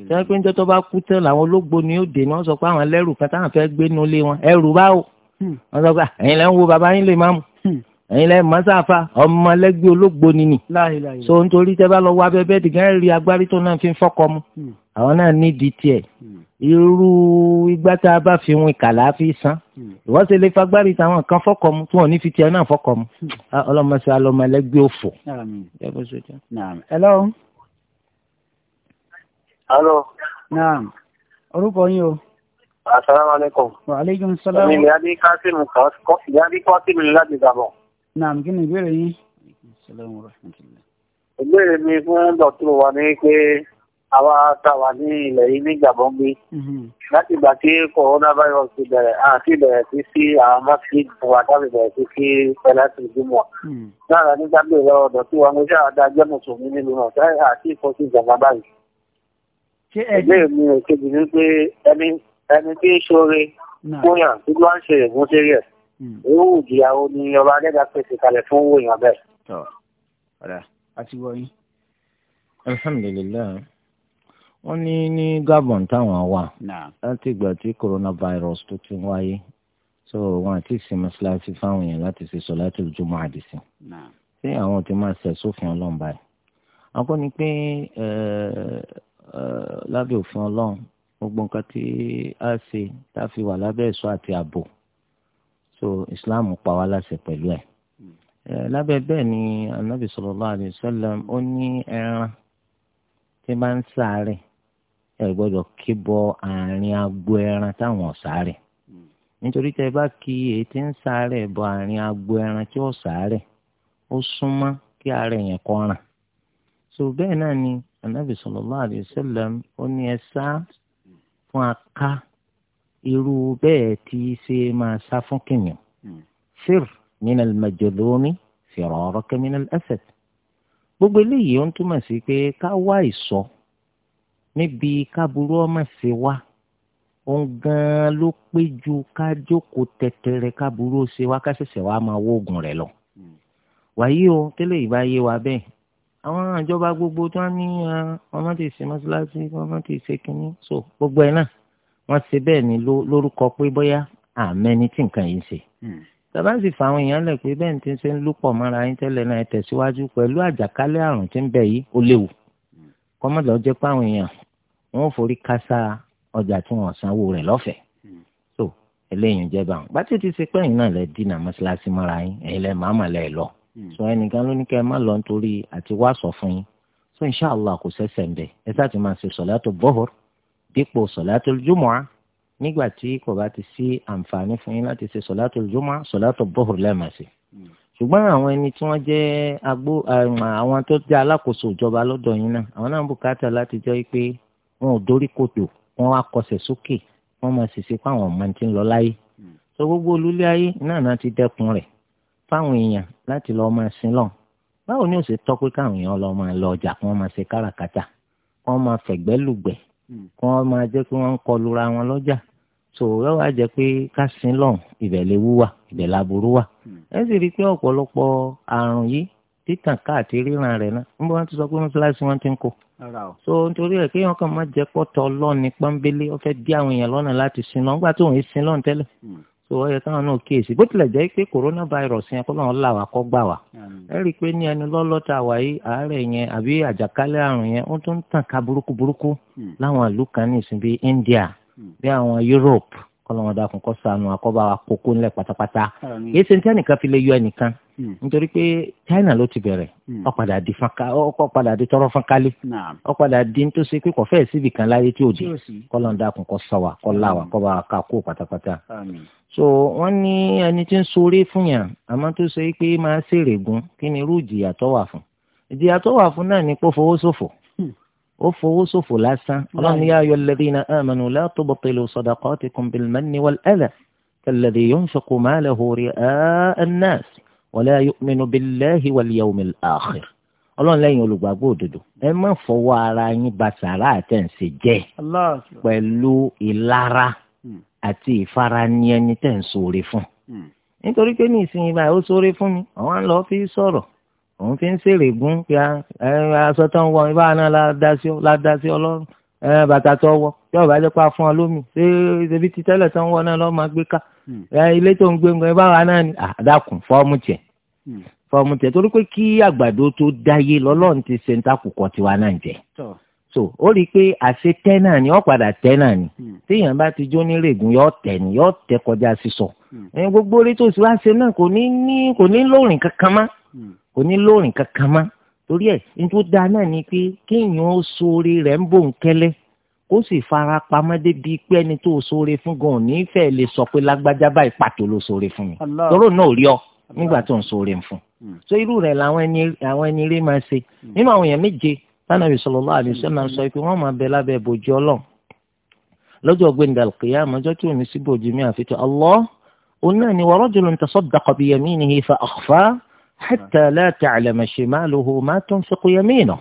B: sọ pé níjọ́ tó bá kú tán làwọn ológbò ni ó dè ní wọ́n sọ pé àwọn lẹ́rù kan táwọn fẹ́ gbé nulẹ̀ wọn ẹrù báwo hmm. wọ́n sọ pé ẹ̀yin ń wo bàbá yín lè má mu ẹ̀yin lẹ́yìn mọ́sáfà ọmọlẹ́gbẹ́ olóògbò nínú. so nítorí tẹ́ bá lọ wá abẹ́ bẹ́ẹ̀ dìgẹ́ rí agbárí tó náà fi ń fọ́kọ mu. Hmm. àwọn náà ní di tiẹ̀ hmm. irú igbá tá a bá fi win kàlà fi san hmm. ìwọ́n ṣe lè fagbárí táwọn kan fọ́kọ mu tí wọ́n ní fi tiẹ̀ náà fọ́kọ mu. ọlọmọṣẹ́ alọmọlẹ́gbẹ́ òfò. hello.
A: hello. naam orúkọ yín o.
E: asalaamualeykum.
A: wa aleykum salaam. mi ni
E: adi kasimu kan yadi kasimu láti Gabon
A: naam kí ni ìbéèrè yín.
E: ìbéèrè mi fún dọ̀tún wa ni pé àwa tá wà ní ilẹ̀ yìí ní Gabon bí mm-hmm. láti ìgbà tí coronavirus ti bẹ̀rẹ̀ àti bẹ̀rẹ̀ sí sí àwọn masjid wa tàbí bẹ̀rẹ̀ sí sí pẹ̀lẹ́sì jùmọ̀ mm-hmm. lára nígbà tó lọ dọ̀tún wa mo ṣe àdájọ́ mùsùlùmí nílùú náà sẹ́yìn àti ìfọ́sí ìjọba báyìí. ìbéèrè mi ò kejì ni pé ẹni tí ń ṣoore fún yàn tí wọ́n ń ṣe ìmúṣẹ́rẹ́ yóò jìyàwó ni ọba adẹ́gà pèsè kalẹ̀ fún owó èèyàn bẹ́ẹ̀.
B: tọ́ ọ̀rẹ́ àti wọ̀nyí. alhamdulilayi wọ́n ní ní Gabon táwọn wà láti ìgbà tí coronavirus tó ti wáyé so wọn àti ìsinmi síláàsì fáwọn èèyàn láti ṣe sọ láti lójú mọ́ àdìsí ṣé àwọn ti máa ṣẹ̀ sófin ọlọ́run báyìí akọ́ ni pé lábẹ́ òfin ọlọ́run gbogbo nǹkan tí a ṣe tá a fi wà lábẹ́ ẹ̀ṣọ́ àti ààbò so islam pa wá láṣẹ pẹ̀lú ẹ̀ lábẹ́ bẹ́ẹ̀ ni anabi sallallahu alayhi wa sallam ó ní ẹran tí máa ń sáré ẹ gbọ́dọ̀ kí bọ àárín agbo ẹran táwọn sáré nítorí tẹ bá kí èyí tí ń sáré bọ àárín agbo ẹran tí ó sáré ó súnmọ́ kí ara yẹn kọ ràn so bẹ́ẹ̀ náà ni anabi sallallahu alayhi ó ní ẹ sá fún aká irú bẹ́ẹ̀ tí ṣe máa sá fún kìnìún hmm. sir nínú al-majlumi firaraka min al-asad gbogbo eléyìí ó ń túmọ̀ sí pé ká wá ìsọ níbi káburú ọmọ ṣe wá òun gan-an ló pé ju ká jókòó tẹ̀tẹ̀rẹ̀ káburú ṣe wá ká ṣẹ̀ṣẹ̀ wá máa wóògùn rẹ̀ lọ. Hmm. wàyí o tẹ́lẹ̀ ìbá yé wa bẹ́ẹ̀ àwọn àjọba gbogbo tó ń ní ah, ọmọ ṣe mọ́ṣáláṣí ọmọ ṣe kínní so gbogbo ẹ̀ náà wọ́n ṣe bẹ́ẹ̀ ni lórúkọ pé bóyá àmẹ́ni tí nǹkan yìí ń ṣe. Hmm. tàbá sì fa àwọn èèyàn lẹ̀ pé bẹ́ẹ̀ ti ṣe ń lúpọ̀ mọ́ra yín tẹ́lẹ̀ náà tẹ̀síwájú pẹ̀lú àjàkálẹ̀ àrùn tí ń bẹ yìí ó léwu. Hmm. kọ́mọ́dọ̀ jẹ́ pé àwọn èèyàn wọ́n forí kásá ọjà tí wọ́n sanwó rẹ̀ lọ́fẹ̀ẹ́. Hmm. so eléyìí ń jẹ́ bá wọn. bá tí ti ṣe pé ẹ̀yin náà lẹ dínà mọ́ṣáláṣí mọ́ra yín ẹ̀yin lẹ máa màlẹ́ lọ. sọ ẹnìkan ló ní kẹ́ ẹ má lọ nítorí àti wá sọ fún yín. so inṣàlá kò sẹ́sẹ̀ ń bẹ̀ ẹ sá ti máa ṣe sọ̀látù bọ́hùr dípò sọ̀látò jùmọ̀á nígbà tí kò bá ti sí àǹfààní fún yín láti ṣe sọ̀látò jùmọ̀á sọ̀látò bọ́ọ̀rù lẹ́ẹ̀mẹ̀sì. ṣùgbọ́n àwọn ẹni tí wọ́n jẹ́ agbó àwọn tó jẹ́ alákòóso ìjọba lọ́dọ̀ yín náà àwọn náà ń bùkátà láti jọ pé wọn ò dórí kodò wọn wá kọsẹ̀ sókè wọn máa ṣèṣe fáwọn ọmọ tí ń lọ láyé. sọ gbogbo olúlé ayé náà náà ti dẹ́kun rẹ̀ fáwọn èèyàn láti lọ́ọ́ máa sin lọ́n báwo ni ó ṣe tọ́ pé káwọn èèyàn lọ́ọ́ máa lọ ọjà kí wọ́n máa ṣe káràkátà kí wọ́n máa fẹ̀gbẹ́ lùgbẹ́ Hmm. kí wọ́n máa jẹ́ pé wọ́n ń kọlura wọn lọ́jà tó lọ́wọ́ àjẹ́ pé kásin lọ́n ìbẹ̀lẹ̀ wúwà ìbẹ̀lẹ̀ aburú wà. Hmm. ẹ sì rí i pé ọ̀pọ̀lọpọ̀ àrùn yìí títàn káàkiri ríran rẹ̀ náà níbo wọn ti sọ pé mọ́ṣáláṣí wọn ti ń kó. so nítorí ẹ̀ kéèyàn kàn má jẹ́ pọ́tọ̀ lọ́ọ̀ni pọ́nbélé ó fẹ́ dí àwọn èèyàn lọ́nà láti sin lọ́n gbà tó òun sin lọ́n tẹ́lẹ̀ hmm. so ọ yẹ káwọn náà kíyèsí bó tilẹ̀ jẹ́ pé corona virus yẹn kó lọ́wọ́ là wá kọ́ gbà wá ẹ rí i pé ní ẹni lọ́lọ́ta wà yí àárẹ̀ yẹn àbí àjàkálẹ̀ àrùn yẹn ó tún ń tàn ká burúkú burúkú hmm. láwọn ìlú kan ní ìsìn bíi India hmm. bíi àwọn Europe kọlọ́wọ́n dákun kọ́ sànù àkọ́bá àkókò ńlẹ̀ pátápátá yìí ṣe ń tẹ́ nìkan fi lè yọ ẹnìkan hmm. nítorí pé China ló ti bẹ̀rẹ̀ hmm. ó padà di fanka ó padà di tọrọ fankálé ó padà di tó ṣe pé kò fẹ́ẹ̀ síbi kan láyé tí ò dé kọlọ́wọ́n dákun kọ́ sọ wa kọ́ là wa ká kó pátápátá. so wọ́n ní ẹni tí ń sọrí fún yàn àmọ́ tó ṣe pé máa ṣèrègùn kí ni irú ìjìyà tó wà fún ìjìyà tó wà fún náà ni pé fowó ṣòfò ó fowó ṣòfò lásán ọlọ́run yá ayọ̀ alladhina amanu la tubtilu sadaqatikum bil manni wal adha kalladhi yunfiqu malahu ri'a an-nas wa la yu'minu billahi wal yawmil akhir ọlọ́run lẹ́yìn olùgbàgbọ́ òdodo ẹ má fọwọ́ ara yín ba sàrà àtẹ̀sí jẹ́ pẹ̀lú ìlara hmm. àti ìfarani tẹ̀ ń ṣoore fún hmm. nítorí pé ní ìsinyìí báyìí ó ṣoore fún mi àwọn à fi sọ̀rọ̀ òun fi ń ṣèrègún pé aṣọ tó ń wọ ibà náà ládá sí ọlọ́run bàtà tó wọ yóò bá jẹ́ pa fún ọ lómi ṣé ibi tí tẹ́lẹ̀ tó ń wọ náà lọ́ọ́ máa gbé ká hmm. ilé tó ń gbé nǹkan ibà wa náà àdàkùn fọ́ọ̀mù tiẹ̀ hmm. fọ́ọ̀mù tiẹ̀ torí pé kí àgbàdo tó dáyé lọ́lọ́run ti ṣe ń takùkọ tiwa náà jẹ so ó rí i pé àṣẹ tẹ́ náà ni ó padà tẹ́ náà ni hmm. téèyàn bá ti jó nírègùn yóò tẹ̀ ni yóò tẹ́ kọjá sísọ gbogbo orí tó sì wá ṣe náà kò ní lóòrìn kankan mọ́ kò ní lóòrìn kankan mọ́ torí ẹ̀ nítorí dáa náà ni pé kéèyàn ó sóore rẹ̀ ń bò ń kẹ́lẹ́ kó sì fara pamọ́ débi pé ẹni tó sóore fún gan ò ní fẹ́ lè sọ pé lágbájá báyìí pàtó ló sóore fún mi lọ́rọ̀ náà ò rí ọ nígbà tó ń sóore fún hmm. so irú rẹ̀ làwọn ẹni àwọn ẹni rí máa ṣe hmm. nínú àwọn èèyàn méje tánàbí sallallahu alaihi wasallam hmm. sọ pé wọ́n máa bẹ lábẹ́ bòjú ọlọ́run lọ́jọ́ gbẹ̀ndàl kìyà àmọ́jọ́ tí ò ní sí bòjú mi àfitọ́ Allah òun náà ni wa rajulun tasaddaqa biyaminihi fa akhfa hatta la ta'lama shimaluhu ma tunfiqu yaminuhu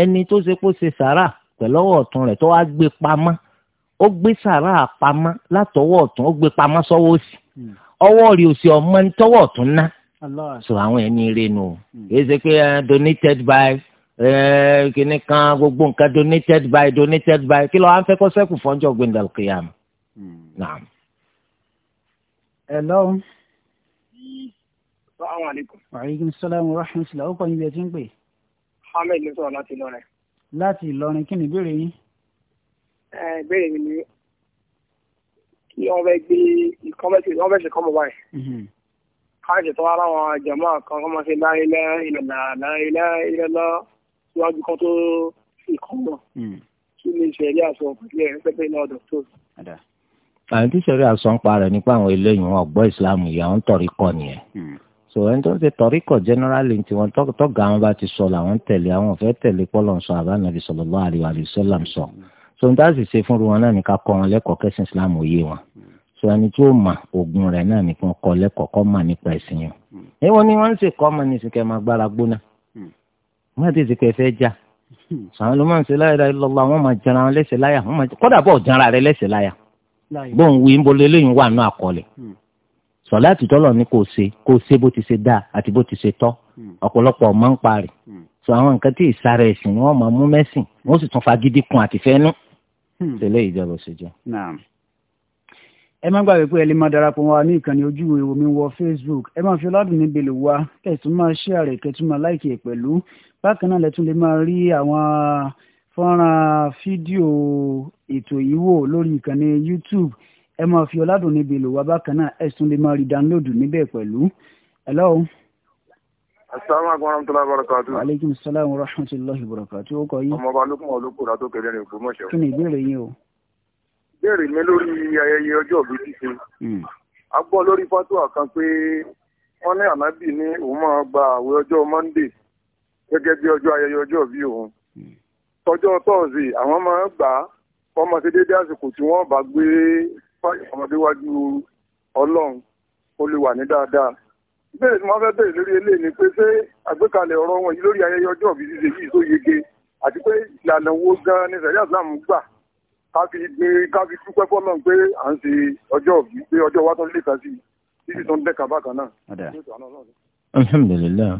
B: ẹni tó ṣe kó ṣe sàrà pẹ̀lọ́wọ́ ọ̀tún rẹ̀ tó wá gbé pamọ́ ó gbé sàrà pamọ́ látọwọ́ ọ̀tún ó gbé pamọ́ sọ́wọ́ òsì hmm. ọwọ́ rí òsì ọmọ ní tọwọ́ ọ̀tún ná so àwọn ẹni renu èyí hmm. ṣe pé eh, donated by eh, kìnnì kan gbogbo nǹkan donated by donated by kí ló wá ń fẹ́ kó sẹ́kù fọ́njọ́ gbẹ̀ndàlùkìyàmù. Hmm. Hello.
E: Assalamu alaikum.
A: Wa alaikum salam wa rahmatullahi ó kàn yín bí ẹ ti ń pè.
E: Ahmed ló sọ̀rọ̀ láti Ìlọrin.
A: Láti Ìlọrin kí ni ìbéèrè yín?
E: Ìbéèrè mi ni kí wọ́n fẹ́ gbé ìkọ́mẹ́sì wọ́n fẹ́ ṣe kọ́mọ báyìí. Mhm. Káàkiri tó wá láwọn jàmáà kan kọ́ máa ṣe láyélá ìlànà láyélá ìlànà síwájú kan tó fi kọ́ mọ̀. Mhm. Kí ni ìṣẹ̀lẹ̀ àṣọ ìpínlẹ̀ pẹ́pẹ́ náà dọ̀tọ̀?
B: Àwọn tíṣẹ̀rí àṣọ ń parẹ̀ nípa àwọn eléyìí wọn ọ̀gbọ́ ìsìlámù yìí àwọn tọ̀rí kọ́ nìyẹn. Mhm so ẹni tó ń ṣe tọríkọ generally ti wọn tọgà wọn bá ti sọ làwọn tẹ̀lé àwọn ọfẹ tẹ̀lé pọlọ ń sọ àbánabi sallallahu alaihi wasallam sọ so n táà sì ṣe fúnru wọn náà ní ká kọ́ wọn lẹ́kọ̀ọ́ kẹsìn islam òye wọn so ẹni tí ó mà ogun rẹ̀ náà ní kí wọn kọ́ lẹ́kọ̀ọ́ kọ mà nípa ẹ̀sìn yẹn ẹwọn ni wọn ń ṣe kọ ọmọ ní ìsìnkẹ máa gbára gbóná wọn ti ṣèkẹ fẹ já sàwọn ló máa ń ṣe la ilaha illallah wọn máa jẹra wọn lẹ́sẹ̀ láyà wọn máa kódà bọ jẹra rẹ̀ lẹ́sẹ̀ láyà bóun wí sọláàtì tọ́lọ̀ ni kò ṣe kò ṣe bó ti ṣe dáa àti bó ti ṣe tọ́ hmm. ọ̀pọ̀lọpọ̀ ọmọ ń parí hmm. so àwọn nǹkan tí ìsara ẹ̀sìn ni wọ́n máa mú mẹ́sìn wọ́n sì tún fagídí kun àti fẹ́nu tẹ́lẹ̀ ìjọba ṣèjọ.
A: ẹ má gbàgbé pé ẹ darapọ̀ wa ní ìkànnì ojú ìwò mi wọ Facebook ẹ máa fi ọlọ́dún níbi lè wá kẹ̀tún máa share kẹ̀tún máa like ẹ̀ pẹ̀lú bákan náà lẹ́tún lè máa rí àwọn fọ́nrán fídíò ètò yìí wò lórí ìkànnì YouTube ẹ máa fi ọ̀làdùn níbi ìlú wa bákan náà ẹ tún lè máa rí dánlóòdù níbẹ̀ pẹ̀lú. hello. asalaamualeykum
E: wa rahmatulahi wa barakatu.
A: aleykum salaam wa rahmatulahi wa barakatu. ó kọ yín. ọmọ ọba lókun
E: olókùn rà tó kéde ní Ògbómọ̀ṣọ́. kí ni ìbéèrè yín o. ìbéèrè mi lórí ayẹyẹ ọjọ́ òbí ṣíṣe. Hmm. a gbọ́ lórí fatuwa kan pé wọ́n ní ànábì ní òun máa gba àwẹ̀ ọjọ́ Monday gẹ́gẹ́ bí ọjọ́ ayẹyẹ ọjọ́ òbí òun. tọjọ́ hmm. tọ́ọ̀sì àwọn máa gbà á wọ́n máa ṣe déédéé àsìkò tí wọ́n bá gbé báyìí ọmọdéwájú ọlọ́run ó lè wà ní dáadáa ìbéèrè tí wọ́n fẹ́ bẹ̀rẹ̀ lórí eléyìí ni pé ṣé àgbékalẹ̀ ọ̀rọ̀ wọn yìí lórí ayẹyẹ ọjọ́ òbí ṣíṣe yìí tó yege àti pé ìlànà wo gan ni sẹ̀rí àsìlám gbà ká fi gbé ká fi dúpẹ́ fọ́lọ́n pé à ń ṣe ọjọ́ òbí pé ọjọ́ wa tó lè kà sí títí tó ń dẹ́ka bákan náà.
B: alhamdulilayi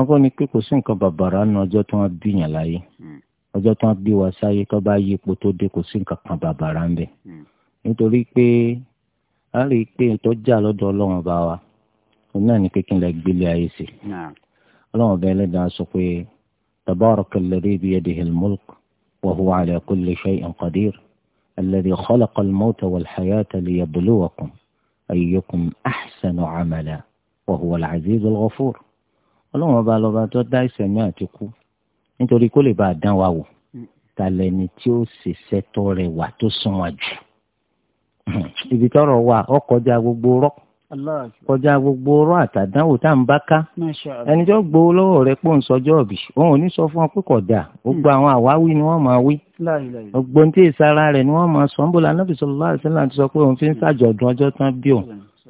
B: ọkọ ni pé kò sí nǹkan bàbàrà ní ọjọ́ tí wọ́n bí yàn láyé hmm. ọjọ́ tí wọ́n bí wa sáyé tó bá yípo tó dé kò sí nǹkan kan bàbàrà ń bẹ̀. Hmm nítorí pé a rí i pé tó jà lọ́dọ̀ ọlọ́run bá wa òun náà ní kékin lè gbélé ayé sí ọlọ́run bá ẹlẹ́dàá sọ pé tabaraka alladhi biyadihi almulk wa huwa ala kulli shay'in qadir alladhi khalaqa almawta walhayata liyabluwakum ayyukum ahsanu amala wa huwa alaziz alghafur ọlọ́run bá lọ́ba tó dá ìsẹ̀mí àti kú nítorí kó lè bá a dán wa wò mm. ta tí ó ṣiṣẹ́ tọ́ rẹ̀ wà tó sunwọ̀n jù. ibi tọrọ wà ó kọjá gbogbo rọ kọjá gbogbo rọ àtàdánwò tá n bá ká ẹni tó gbowó lọ́wọ́ rẹ̀ pò ń sọjọ́ ọ̀bì òun ò ní sọ fún ọ pé kódà gbogbo àwọn àwáwí ni wọ́n máa wí gbogbo ní tí ìsara rẹ̀ ni wọ́n máa sọ ń bò lánàbì sallallahu alaihi wasallam ti sọ pé òun fi ń ṣàjọ̀dún ọjọ́ tán bí òun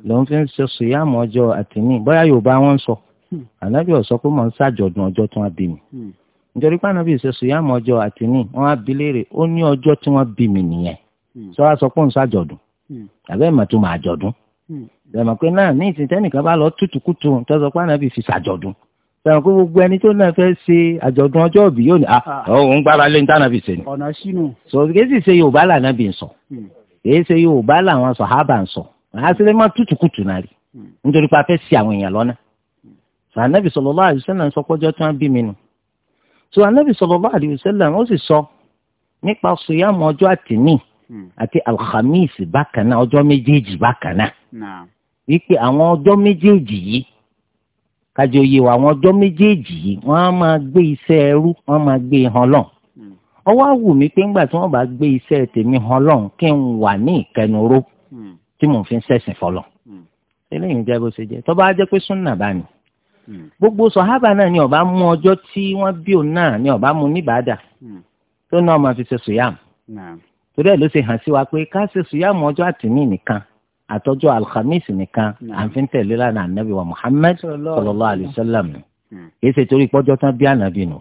B: lòun fi ń sọ sùyàmù ọjọ́ àtìní bóyá Yorùbá wọn sọ hmm. ànábì ó sọ pé mò ń ṣàjọ̀dún ọjọ́ tán bí mi hmm. nítorí pé ànábì ṣe sùyàmù ọjọ́ àtìní wọ́n á bi léèrè ó ní ọjọ́ tí wọ́n bí mi nìyẹn sọ hmm. wá sọ pé òun ṣàjọ̀dún Hmm. àbẹ́ ìmọ̀ tó máa jọ̀dún ìdàmọ̀ hmm. pé náà ní ìsìn tẹ́nìkan bá lọ tútùkútù tọ́sọ pé ànábì fi ṣàjọ̀dún ìdàmọ̀ pé gbogbo ẹni tó náà fẹ́ ṣe àjọ̀dún ọjọ́ òbí yóò ní à ah, òun ah. gbára lé níta ànábì ṣe ni. ọ̀nà sínú. sọ kéésì ṣe yorùbá làǹbì ń sọ èyí hmm. ṣe yorùbá làwọn sàhábà ń sọ àṣírí má tútùkútù náà rí nítorí pé a fẹ́ ṣe àwọn èèyàn lọ́nà. sọ ànábì sallallahu alaihi wasallam sọ pọ́jọ́ tí wọ́n bí mi nù. sọ ànábì sallallahu alaihi wasallam ó sì sọ nípa sùyàmù ọjọ́ àtìní Hmm. àti alhamis bákan náà ọjọ́ méjèèjì bákan náà wípé àwọn ọjọ́ méjèèjì yìí kájọ yé wa àwọn ọjọ́ méjèèjì yìí wọ́n á máa gbé iṣẹ́ ẹrú wọ́n á máa gbé hàn lọ́n ọwọ́ hmm. àwù mí pé ńgbà tí wọ́n bá gbé iṣẹ́ tèmi hàn lọ́n kí n wà ní ìkẹnuró hmm. tí mò ń fi ṣẹ̀sìn fọlọ́ eléyìí jẹ́ bó ṣe jẹ́ tó bá jẹ́ pé súnà bá ní gbogbo sọ̀hábà náà ni ọba mú ọjọ́ tí wọ́n bí òun náà ni ọba mú níbàdà tó náà máa fi ṣe sùyàmù torí ẹ̀ ló ṣe hàn sí wa pé ká ṣe sùyàmù ọjọ́ àtìní nìkan àtọ́jọ́ alhamis nìkan àfi tẹ̀lé lánàá anabi wa muhammed sallallahu alayhi sallam kìí ṣe torí pọ́jọ́ tán bí anabi nù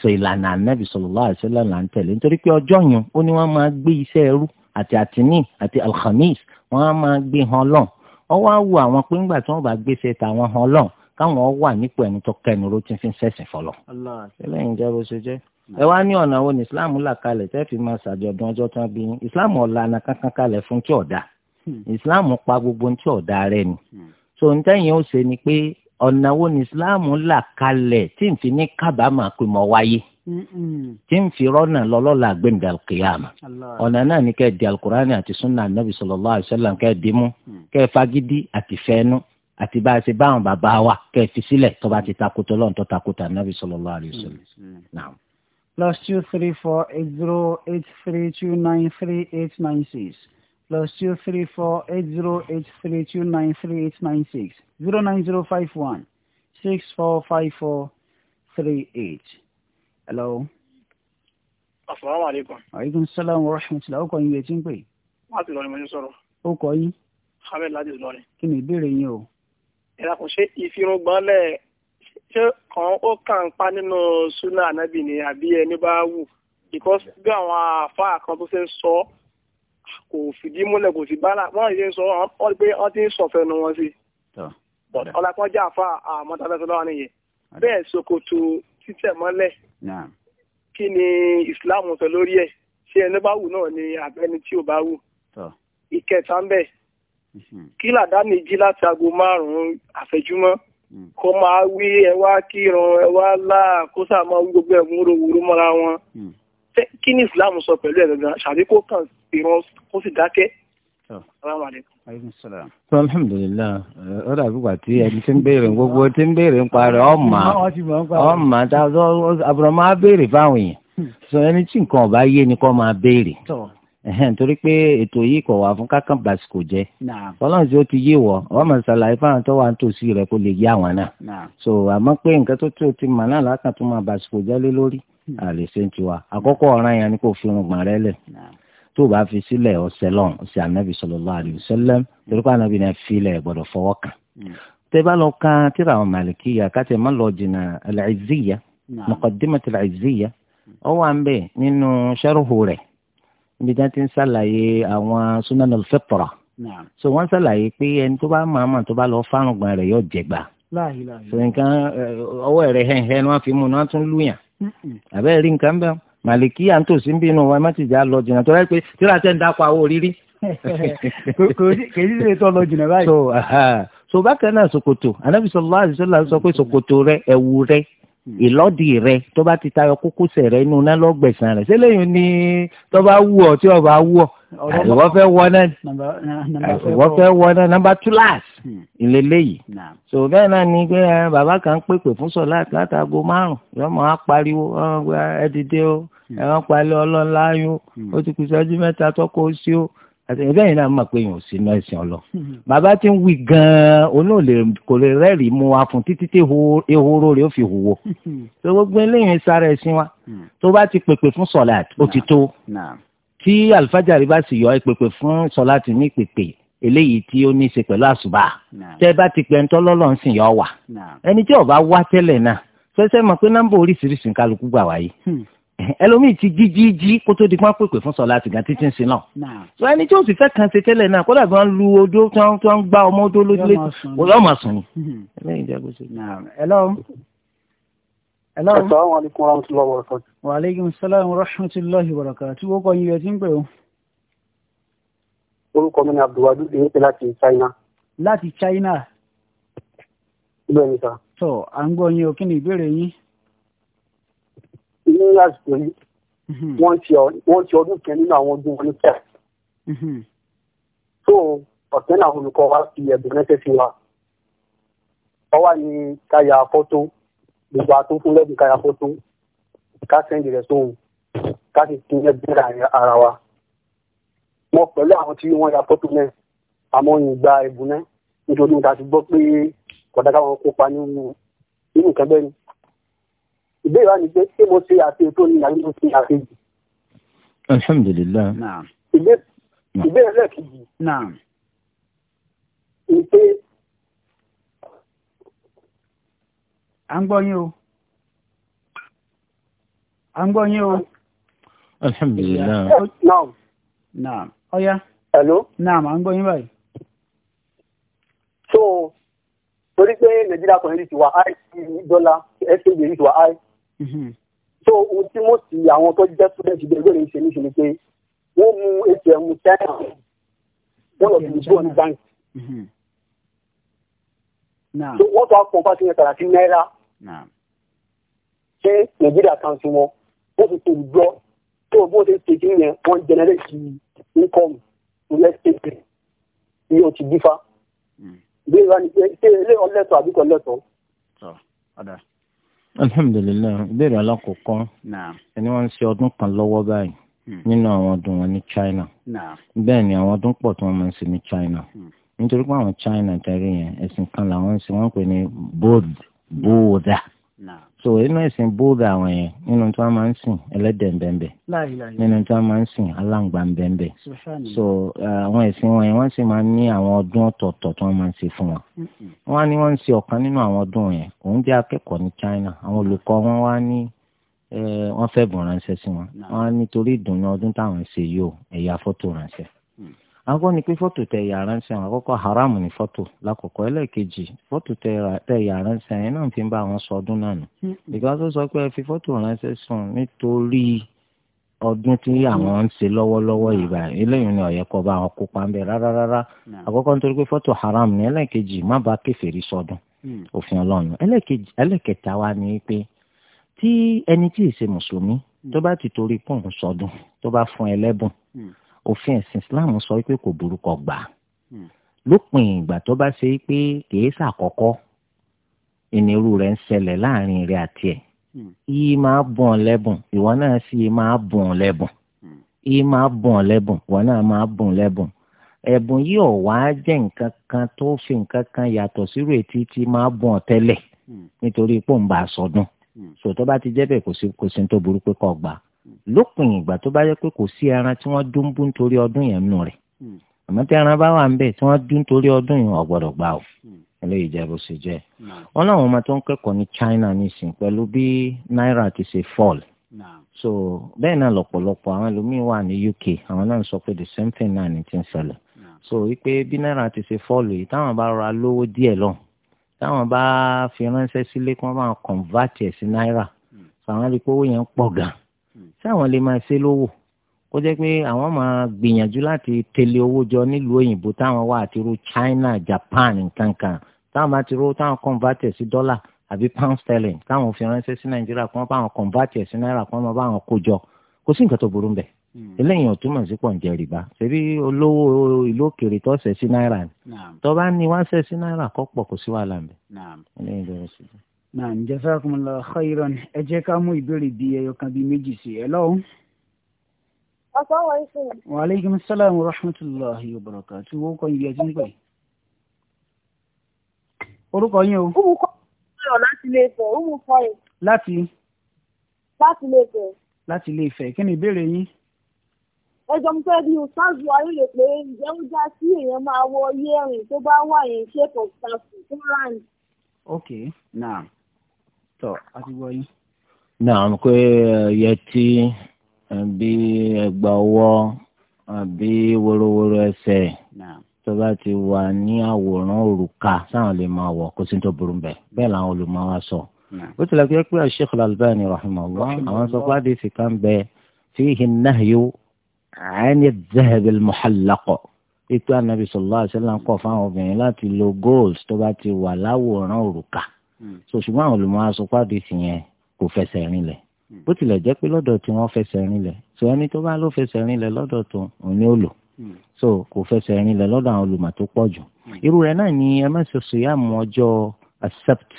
B: so ìlànà anabi sallallahu alayhi sallam là ń tẹ̀lé nítorí pé ọjọ́ yẹn ó ní wọ́n máa gbé iṣẹ́ ẹrú àti àtìní àti alhamis wọ́n á máa gbé hàn lọ́n ọ wá wo àwọn pé ńgbà tí wọ́n bá gbé ṣe hàn lọ́n káwọn wà nípò ẹni tó kẹnu ló ti fi ń ṣẹ̀sìn fọlọ́. Allah ṣẹlẹ̀ ń ṣe jẹ́ ẹ wá ní ọ̀nà wo ni islam là kalẹ̀ tẹ́ fi máa ṣàjọ̀dún ọjọ́ tán bí yín islam ọ̀làna kankan kalẹ̀ fún tí ọ̀dà hmm. islam pa gbogbo tí ọ̀dà rẹ ni hmm. so n tẹ́yìn ó ṣe ni pé ọ̀nà wo ni islam là kalẹ̀ tí n fi ní kábàámà pé mo wáyé
D: hmm.
B: tí n fi rọ́nà lọ́lọ́la gbẹ̀ǹdà kìyàmà ọ̀nà náà ni kẹ́ di alukurani àti sunna anabi sallallahu alaihi wasallam kẹ́ dimu kẹ́ fagidi àti fẹ́nu àti bá a ṣe bá àwọn bàbá wa kẹ́ fi sílẹ̀ tó bá ti takotọ́ lọ́n tó takotọ́ anabi sallallahu alaihi
A: plus two three four eight zero eight three two nine three eight nine six plus two three four eight zero eight three two nine three eight nine six zero nine zero five one six four five four three eight. hello. asalaamualeykum. aleykum salaam wa rahmatulah ọkọ yín yẹn ti ń pè. wọn
E: á ti lọrin mo ní sọ̀rọ̀. ó kọ yín. hamid ladi lọrin.
A: kí ni ìbéèrè yín o.
E: ìlàkùnṣe ìfirun gbọ́n lẹ́ẹ̀ ṣé kàn ó kàn pa nínú súnà ànábì ni àbí ẹni bá wù because bí àwọn àfáà kan tó ṣe ń sọ kò fìdí múlẹ̀ kò sí bálà wọ́n ṣe ń sọ ọ́ pé wọ́n ti ń sọ̀fẹ́ nu wọn sí ọ̀làpọ̀jà àfa àmọ́tàfẹ́sọ́lọ́wọ́ nìyẹn bẹ́ẹ̀ ṣòkòtò títẹ̀ mọ́lẹ̀ kí ni Islam sọ lórí ẹ̀ ṣé ẹni bá wù náà ni àbẹ́ni tí ò bá wù ìkẹta ń bẹ̀ mhm. kí làdá mi jí láti aago márùn-ún Mm. kó máa wí ẹ wá kírun ẹ lá kó sáà máa wí gbogbo ẹ̀ múrò wúrú mọ́ra wọn mm. kí ni Islam sọ pẹ̀lú ẹ̀ gangan ṣàbí kó kàn ìran kó sì dákẹ́.
B: Sọ alhamdulilayi ọ dàbí wà tí ẹni tí ń béèrè gbogbo tí ń béèrè ń parí ọ̀ma ọ̀ma tá a sọ àbùrọ̀mọ́ á béèrè fáwọn èèyàn hmm. sọ ẹni tí nǹkan ọ̀bá yé ni kò máa béèrè. nítorí pé ètò yìí kọ̀ wá fún kákan basiko jẹ́ ọlọ́run tí ó ti yé wọ̀ wọ́n máa ṣàlàyé ntosi tó wà nítòsí rẹ̀ kó so àmọ́ pé nǹkan tó tó ti mana náà lákàn tó máa bàsíkò jẹ́ lé lórí àlè hmm. ń tiwa àkọ́kọ́ ọ̀ràn yẹn ni fi irun gbọ̀n rẹ lẹ̀ tó bá fi sílẹ̀ ọ̀sẹ̀ lọ́n ọ̀sẹ̀ torí níbi tí wọ́n ti ń ṣàlàyé àwọn sunan al-fitra so wọ́n ṣàlàyé pé ẹni tó bá màmá tó bá lọ fárùngbọ̀n rẹ̀ yóò jẹ̀gbà so nǹkan ọwọ́ rẹ̀ hẹ̀hẹ̀ ni wọ́n fi mú ni wọ́n tún lùyàn àbẹ́ẹ̀ rí nǹkan bẹ́ẹ̀ màlìkí à ń tòsí ń bínú wa ẹ má ti jà lọ jìnnà tó rẹ pé tíra tẹ́ ń dápọ̀ àwọ̀ rírí. kò sí ṣe lọ jìnnà báyìí. so bákan náà sokoto, anábìsọ̀ lọ́wọ́ àdìsọ́ là ń sọ pé ṣòkòtò rẹ ẹ̀wù rẹ Hmm. ìlọ́dì rẹ tó bá ti tayọ kókósẹ̀ rẹ inú náà lọ́gbẹ̀sán rẹ sẹ́lẹ̀yìn ni tó bá wù ọ tí ọ bá wù ọ ìwọ fẹ́ wọ náà
A: uh, ìwọ fẹ́ wọ
B: náà nọ́mbà túláàsì hmm. ìlélẹ́yìí so bẹ́ẹ̀ náà ni pé eh, bàbá kan pèpè fún sọlá látago márùn yọmọ á pariwo ẹ dìde o hmm. ẹ wọn pariwo ọlọ́ọ̀láyún ó ti kù sọ́jú mẹ́ta tọ́kọ sí o ẹgbẹ́ yìí náà mọ̀ pé èèyàn ò sí náà ẹ̀sìn ọlọ. Hmm. bàbá tí ń wí gan-an oní òlè kò lè rẹ́rìí mu wa fún títí tí ehoro rẹ̀ ó fi hùwò. tó hmm. gbogbo eléyìí sára ẹ̀sìn wa hmm. tó bá ti pèpè fún sọ̀láàt ó ti tó. tí àlùfájàrí bá sì yọ ẹ pèpè fún sọ̀láàt ní pèpè eléyìí tí ó ní í ṣe pẹ̀lú àṣùbà. tẹ́ bá ti pẹ́ ńtọ́ lọ́lọ́ ń sìn yọ wà. ẹni tí ó bá wá tẹ́lẹ̀ náà fẹsẹ̀ mọ̀ pé ẹlòmíì ti jí jí jí kó tó di pọ́n pèpè fún sọ̀lá àtìgá títí ń sin náà. sọ ẹni tí ó sì fẹ́ kan ṣe tẹ́lẹ̀ náà kódà bí wọ́n lu odó tí wọ́n ń gbá ọmọ odó lójú létí kò yọ ọmọ sùn ni. Hmm. ẹlẹ́yin jẹ́ gbèsè.
A: ẹlọ́ ẹlọ́. assalamu alaikum warahmatullahi wabarakatuh. wa alaikum salam warahmatullahi wabarakatuh. tí wọ́n kọ́ yín yọ tí ń pè ó.
E: orúkọ mi ni abdulwadu èyí pé láti China.
A: láti China. ibẹ̀ ni sà. tọ́ à ń gbọ́ yín o kí ni ìbéèrè yín ní
E: àsìkò yìí mm-hmm. wọ́n ti ọdún kan nínú àwọn ọdún wọn ní pẹ̀. Mm-hmm. so ọ̀tẹ́ náà olùkọ́ wa fi ẹ̀bùn rẹ́sẹ̀ sí wa ọwọ́ ni káyà fọ́tò gbogbo àtó fún lẹ́bùn káyà fọ́tò ká sẹ́ndì rẹ̀ sóhun ká sì tún ẹ̀bùn ara wa. mo pẹ̀lú àwọn tí wọ́n ya fọ́tò náà àmọ́ yìí gba ẹ̀bùn náà nítorí mo ta ti gbọ́ pé kọ̀dá káwọn kópa nínú nǹkan bẹ́ẹ̀ ni ìbéèrè wa ni pé ṣé mo ṣe àti ètò
A: ní àbí mo ṣe àkejì.
B: alhamdulilayi.
A: ìbéèrè lẹ́ẹ̀kejì. ni pé. à ń gbọ́ yín o. à ń gbọ́ yín o.
B: alhamdulilayi.
A: naam. naam ọ̀ya. hello. naam à ń gbọ́ yín báyìí. so torí pé
E: nàìjíríà kan yìí ti wà high dọ́là ẹ̀sìn yìí ti wà high. Mm-hmm. so ohun tí mo sì àwọn tó jẹ́ student bẹ́ẹ̀ lórí ṣe níṣe ni pé wọ́n mú atm china wọ́n lọ bí bóun bank mm-hmm. so wọ́n tó akọ̀ bá ti yẹn tàrà sí náírà ṣé nàìjíríà kan sí wọn wọ́n ti tòun gbọ́ tó o bó ṣe ṣe kí yẹn wọ́n jẹnẹrẹ́tì income ìyẹn ṣèṣe iye òtí dífá bí ìwà ni pé ṣé ilé ọlẹ́tọ̀ àbíkọ̀
A: lẹ́tọ̀ọ́
B: alhamdulilayi ìbéèrè alákọ̀ọ́kọ́ ẹni wọ́n ń ṣe ọdún kan lọ́wọ́ báyìí hmm. nínú àwọn ọdún wọn ní China bẹ́ẹ̀ ni àwọn ọdún pọ̀ tí wọ́n máa ń ṣe ní China hmm. nítorí pé àwọn China tẹ̀rí yẹn ẹ̀sìn kan làwọn ń ṣe wọ́n ń pè ní Buddha so inú ẹ̀sìn bóòdù àwọn yẹn nínú tí wọ́n máa ń sìn ẹlẹ́dẹ̀ bẹ́ẹ̀bẹ́ nínú tí wọ́n máa ń sìn aláǹgbà bẹ́ẹ̀bẹ́ so àwọn ẹ̀sìn wọn yẹn wọ́n sì máa ń ní àwọn ọdún ọ̀tọ̀ọ̀tọ̀ tí wọ́n máa ń ṣe fún wọn. wọ́n á ní wọ́n ń ṣe ọ̀kan nínú àwọn ọdún yẹn òun jẹ́ akẹ́kọ̀ọ́ ní China àwọn olùkọ́ wọn wá ní eh, wọ́n fẹ́ bùn ránṣẹ́ sí wọn wọ́n nítorí ìdùnnú ọdún táwọn ṣe yìí o ẹ̀yà fọ́tò ránṣẹ́ àkọ́kọ́ ni pé fọ́tò tẹ ìyá ránṣẹ́ àwọn àkọ́kọ́ haram ni fọ́tò lákọ̀ọ́kọ́ ẹlẹ́ẹ̀kejì fọ́tò tẹ ìyá ránṣẹ́ àyẹn náà fi ń bá àwọn sọ ọdún náà nù ìgbà hmm. tó sọ pé ẹ fi fọ́tò ránṣẹ́ sùn nítorí ọdún tí àwọn ń ṣe lọ́wọ́lọ́wọ́ ìgbà hmm. eléyìí ni ọ̀yẹ́ kọ́ bá àwọn kópa ń bẹ rárá rárá hmm. àkọ́kọ́ nítorí pé fọ́tò haram ni ẹlẹ́ẹ̀kejì má bá kèfèrí sọdún òfin ọlọ́run ẹlẹ́ẹ̀kẹta wa ni pé tí ẹni tí ì ṣe mùsùlùmí tó bá ti torí pọ̀ ń sọdún tó bá fún ẹlẹ́bùn òfin ẹ̀sìn islam sọ pé kò burúkọ gbà hmm. lópin ìgbà tó bá ṣe pé kìí ṣàkọ́kọ́ ìnirú rẹ̀ ń ṣẹlẹ̀ láàrin rẹ̀ àti ẹ̀ yìí hmm. máa bùn ọ lẹ́bùn ìwọ náà sì máa bùn ọ lẹ́bùn yìí hmm. máa bùn ọ lẹ́bùn ìwọ náà máa bùn ọ lẹ́bùn ẹ̀bùn yìí ọ̀ wá jẹ́ nǹkan kan tó fi nǹkan kan yàtọ̀ sírò etí tí máa bùn ọ tẹ́lẹ̀ nítorí pòǹbà sọdún sòtọ́ bá ti jẹ́ bẹ́ẹ̀ kò sí kò sí ní tó burú pé kọ́ gbà á lópin ìgbà tó bá yẹ pé kò sí ẹran tí wọ́n dún bú nítorí ọdún yẹn nù rẹ̀ hmm. àmọ́ tí ẹran bá wà ń bẹ̀ tí wọ́n dún nítorí ọdún yẹn ọ̀gbọ́dọ̀ gbà ó hmm. eléyìí jẹ́ bó ṣe jẹ́ hmm. wọn láwọn ọmọ tó ń kẹ́kọ̀ọ́ ní China nísìn pẹ̀lú bí naira ti ṣe fall so bẹ́ẹ̀ náà lọ́pọ̀lọpọ̀ àwọn ẹlòmíín wà ní UK àwọn náà sọ pé the same thing náà ni ti ń ṣẹlẹ̀ so wípé bí náírà ti ṣe fall yìí táwọn bá ra lówó díẹ̀ lọ táwọn bá fi ránṣẹ́ sílé kí wọ́n bá convert ẹ̀ sí náírà so àwọn àdìpọ̀ owó yẹn pọ̀ gan sáwọn lè máa ṣe lówó kó jẹ́ pé àwọn máa gbìyànjú láti tẹ̀lé owó jọ nílùú òyìnbó táwọn wà àti ro China Japan nkankan táwọn bá ti ro táwọn convert sí dọ́là àbí pound sterling táwọn fi ránṣẹ́ sí Nàìjíríà kí wọ́n bá wọn convert sí náírà kí wọ́n bá wọn kó jọ kò sí nǹkan tó burú bẹ́ẹ̀ hmm. eléyìí ò túmọ̀ sí pọ̀njẹ́ rìbá ṣebí olówó ìlú òkèèrè tó ṣẹ̀ sí náírà ni tó bá ní wá ṣẹ̀ sí náírà kọ́ pọ̀ kò sí wàhálà mi
A: náà jazakumullahu khairan ẹ jẹ́ ká mú ìbéèrè bíi ẹyọ kan bíi méjì sí ẹ lọ́wọ́. wa alaikum salaam wa rahmatullahi wa barakatuh wọ́n kọ́ ibi ẹtí ń pè. orúkọ yín o. umu kọ́
C: ọ̀rọ̀ láti lè fẹ̀ umu kọ́ ẹ̀. láti. láti lè fẹ̀.
A: láti lè fẹ̀ kí ni ìbéèrè yín
C: ẹjọ́ mo fẹ́ bí ṣáàzù ayọ̀lẹ̀ pé ǹjẹ́ ó já sí èèyàn máa wọ iye ẹ̀rìn tó bá wà yẹn ṣe for example two rand.
A: okay now tọ́ àti wọ̀nyí.
B: náà n pé yẹtí àbí ẹgbà ọwọ́ àbí wórówóró ẹsẹ̀ tó bá ti wà ní àwòrán òrùka sáwọn lè máa wọ̀ kó sí tó burú bẹ́ẹ̀ bẹ́ẹ̀ làwọn olùmọ̀ wa sọ. ó ti lọ́ọ́ pé Sheikh Al-Albani rahimahullah àwọn sọ pé àdìsí kan bẹ fihi an-nahyu 'ani adh-dhahab ipe anabi sallallahu alaihi wasallam kọ̀ fáwọn obìnrin láti lo gold tó bá ti wà láwòrán òrùka. Hmm. so ṣùgbọ́n àwọn olùmọ̀ asopọ̀ àdìsí yẹn kò fẹsẹ̀ rinlẹ̀ hmm. bó tilẹ̀ jẹ́ pé lọ́dọ̀ tí wọ́n fẹsẹ̀ rinlẹ̀ so ẹni tó bá ló fẹsẹ̀ rinlẹ̀ lọ́dọ̀ tó òun ni ó lò hmm. so kò fẹsẹ̀ rinlẹ̀ lọ́dọ̀ àwọn olùmọ̀ tó pọ̀ jù irú rẹ̀ náà ni ẹ má ṣe sùyàmù ọjọ́ accept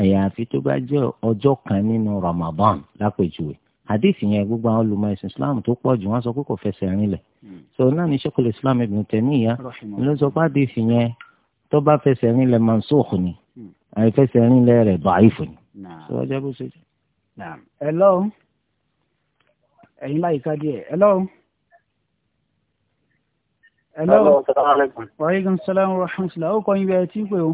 B: àyàfi tó bá jẹ́ ọjọ́ kan nínú Ramadan lápèjúwe àdìsí yẹn gbogbo àwọn olùmọ̀ ẹ̀sìn Islam tó pọ̀ jù wọ́n sọ pé kò fẹsẹ̀ rinlẹ̀ so náà ni Sheikhul Islam Ibn Taymiyyah ló sọ pé àdìsí yẹn tó bá fẹsẹ̀ rinlẹ̀ mansukh ni àìfẹsẹ̀ rinlẹ̀ rẹ̀ da'if ni. sọ ọjọ́
A: bó ṣe jẹ́. hello ẹ̀yin láyìíká díẹ̀ hello. hello
E: wàhálàkùn
A: sàlámù rahmatulah ó kọ́ yín bí ẹ ti ń pè o.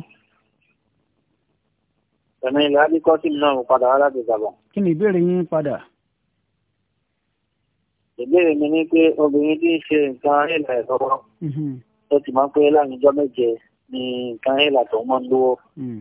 E: ẹ̀mí ilẹ̀ adíkọ́ sí náà mo padà aláàbò gàbọ̀.
A: kí ni ìbéèrè yín padà.
E: ìbéèrè mi ni pé obìnrin tí ń ṣe nǹkan ayélujára ẹ̀ lọ́wọ́ mm-hmm. ó ti máa ń pé láàrin ọjọ́ méje ni nǹkan ayélujára tó ń mọ́ ń lówó.
D: Mm.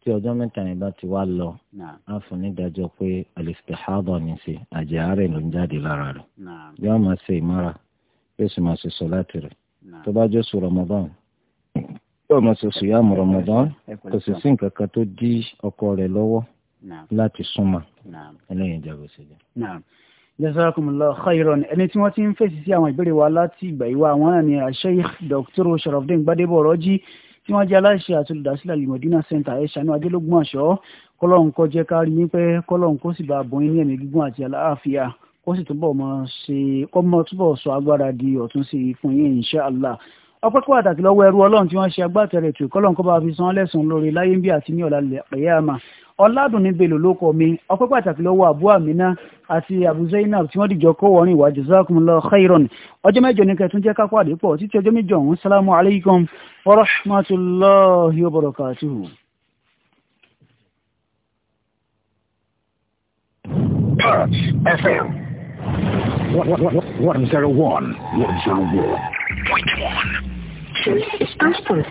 B: tí ọjọ́ mẹ́ta yẹn bá ti wá lọ á fún nídàájọ́ pé alistihada ní sí àjẹ́ àárẹ̀ ló ń jáde lára rẹ̀ yóò máa ṣe ìmára yóò máa ṣe sọ̀láàtì rẹ̀ tó bá jọ́ sùn Ramadan yóò máa ṣe sùyàmù Ramadan kò sì sí nǹkan kan tó dí ọkọ rẹ̀ lọ́wọ́ láti súnmọ́ ẹlẹ́yin ìjọba òṣèlú
A: jazakumullahu khairan ẹni tí wọ́n ti ń fèsì sí àwọn ìbéèrè wa láti ìgbà yìí wá àwọn náà ni Sheikh Dr. Sharafdin Gbadebo Rọ́jí tí wọ́n jẹ́ aláṣẹ àti olùdásílẹ̀ alimọ̀dínà center ẹ̀ṣánú adélógún àṣọ kọ́lọ́n kó jẹ́ ká rí yín pé kọ́lọ́n kó sì bá a bọ́n yín ní ẹ̀mí gígùn àti àlàáfíà kó sì túbọ̀ mọ́ ṣe kọ́ mọ́ túbọ̀ sọ agbára di ọ̀tun sí i fún yín insha Allah ọpẹ́ kó pàtàkì lọ́wọ́ ẹrú ọlọ́run tí wọ́n ṣe agbátẹrẹ ètò ìkọ́lọ́n bá fi san lẹ́sùn lórí láyé ń bí àti ní ọ̀la lẹ́yàmà ọ̀làdùnní belò ló kọ́ mi ọpẹ́ pàtàkì lọ́wọ́ àbú àmínà àti àbú zainab tí wọ́n dìjọ kó wọ́rin ìwà jazakumullahu khairan ọjọ́ mẹ́jọ ní kẹtún jẹ́ kápá àdépọ̀ títí ọjọ́ mẹ́jọ ọ̀hún sálámù alaykum wa rahmatulahi wa barakatuhu. FM 101.1
D: one. Two is passport.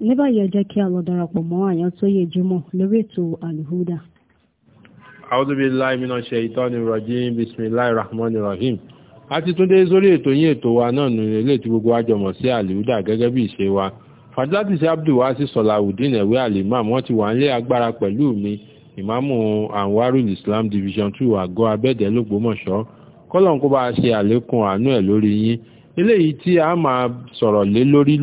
C: ní báyìí ẹ jẹ́ kí a lọ darapọ̀ mọ́ àyàn tó yẹ jùmọ̀ lórí ètò àlùhúdà.
E: a'udhu billahi minash shaitanir rajim bismillahir rahmanir rahim a ti tún dé sórí ètò yín ètò wa náà nù ilé wa jọmọ̀ sí àlùhúdà gẹ́gẹ́ bí wa fadilati sí abdul wasi sọlawudeen ẹ̀wé alimam ìmáàmù anwarul islam division two àgọ́ abẹ́dẹ̀ lọ́gbọ́mọ̀ṣọ́ kọ́lọ̀ ń kó bá a ṣe àlékún àánú ẹ̀ lórí yín eléyìí tí a máa sọ̀rọ̀ lé lórí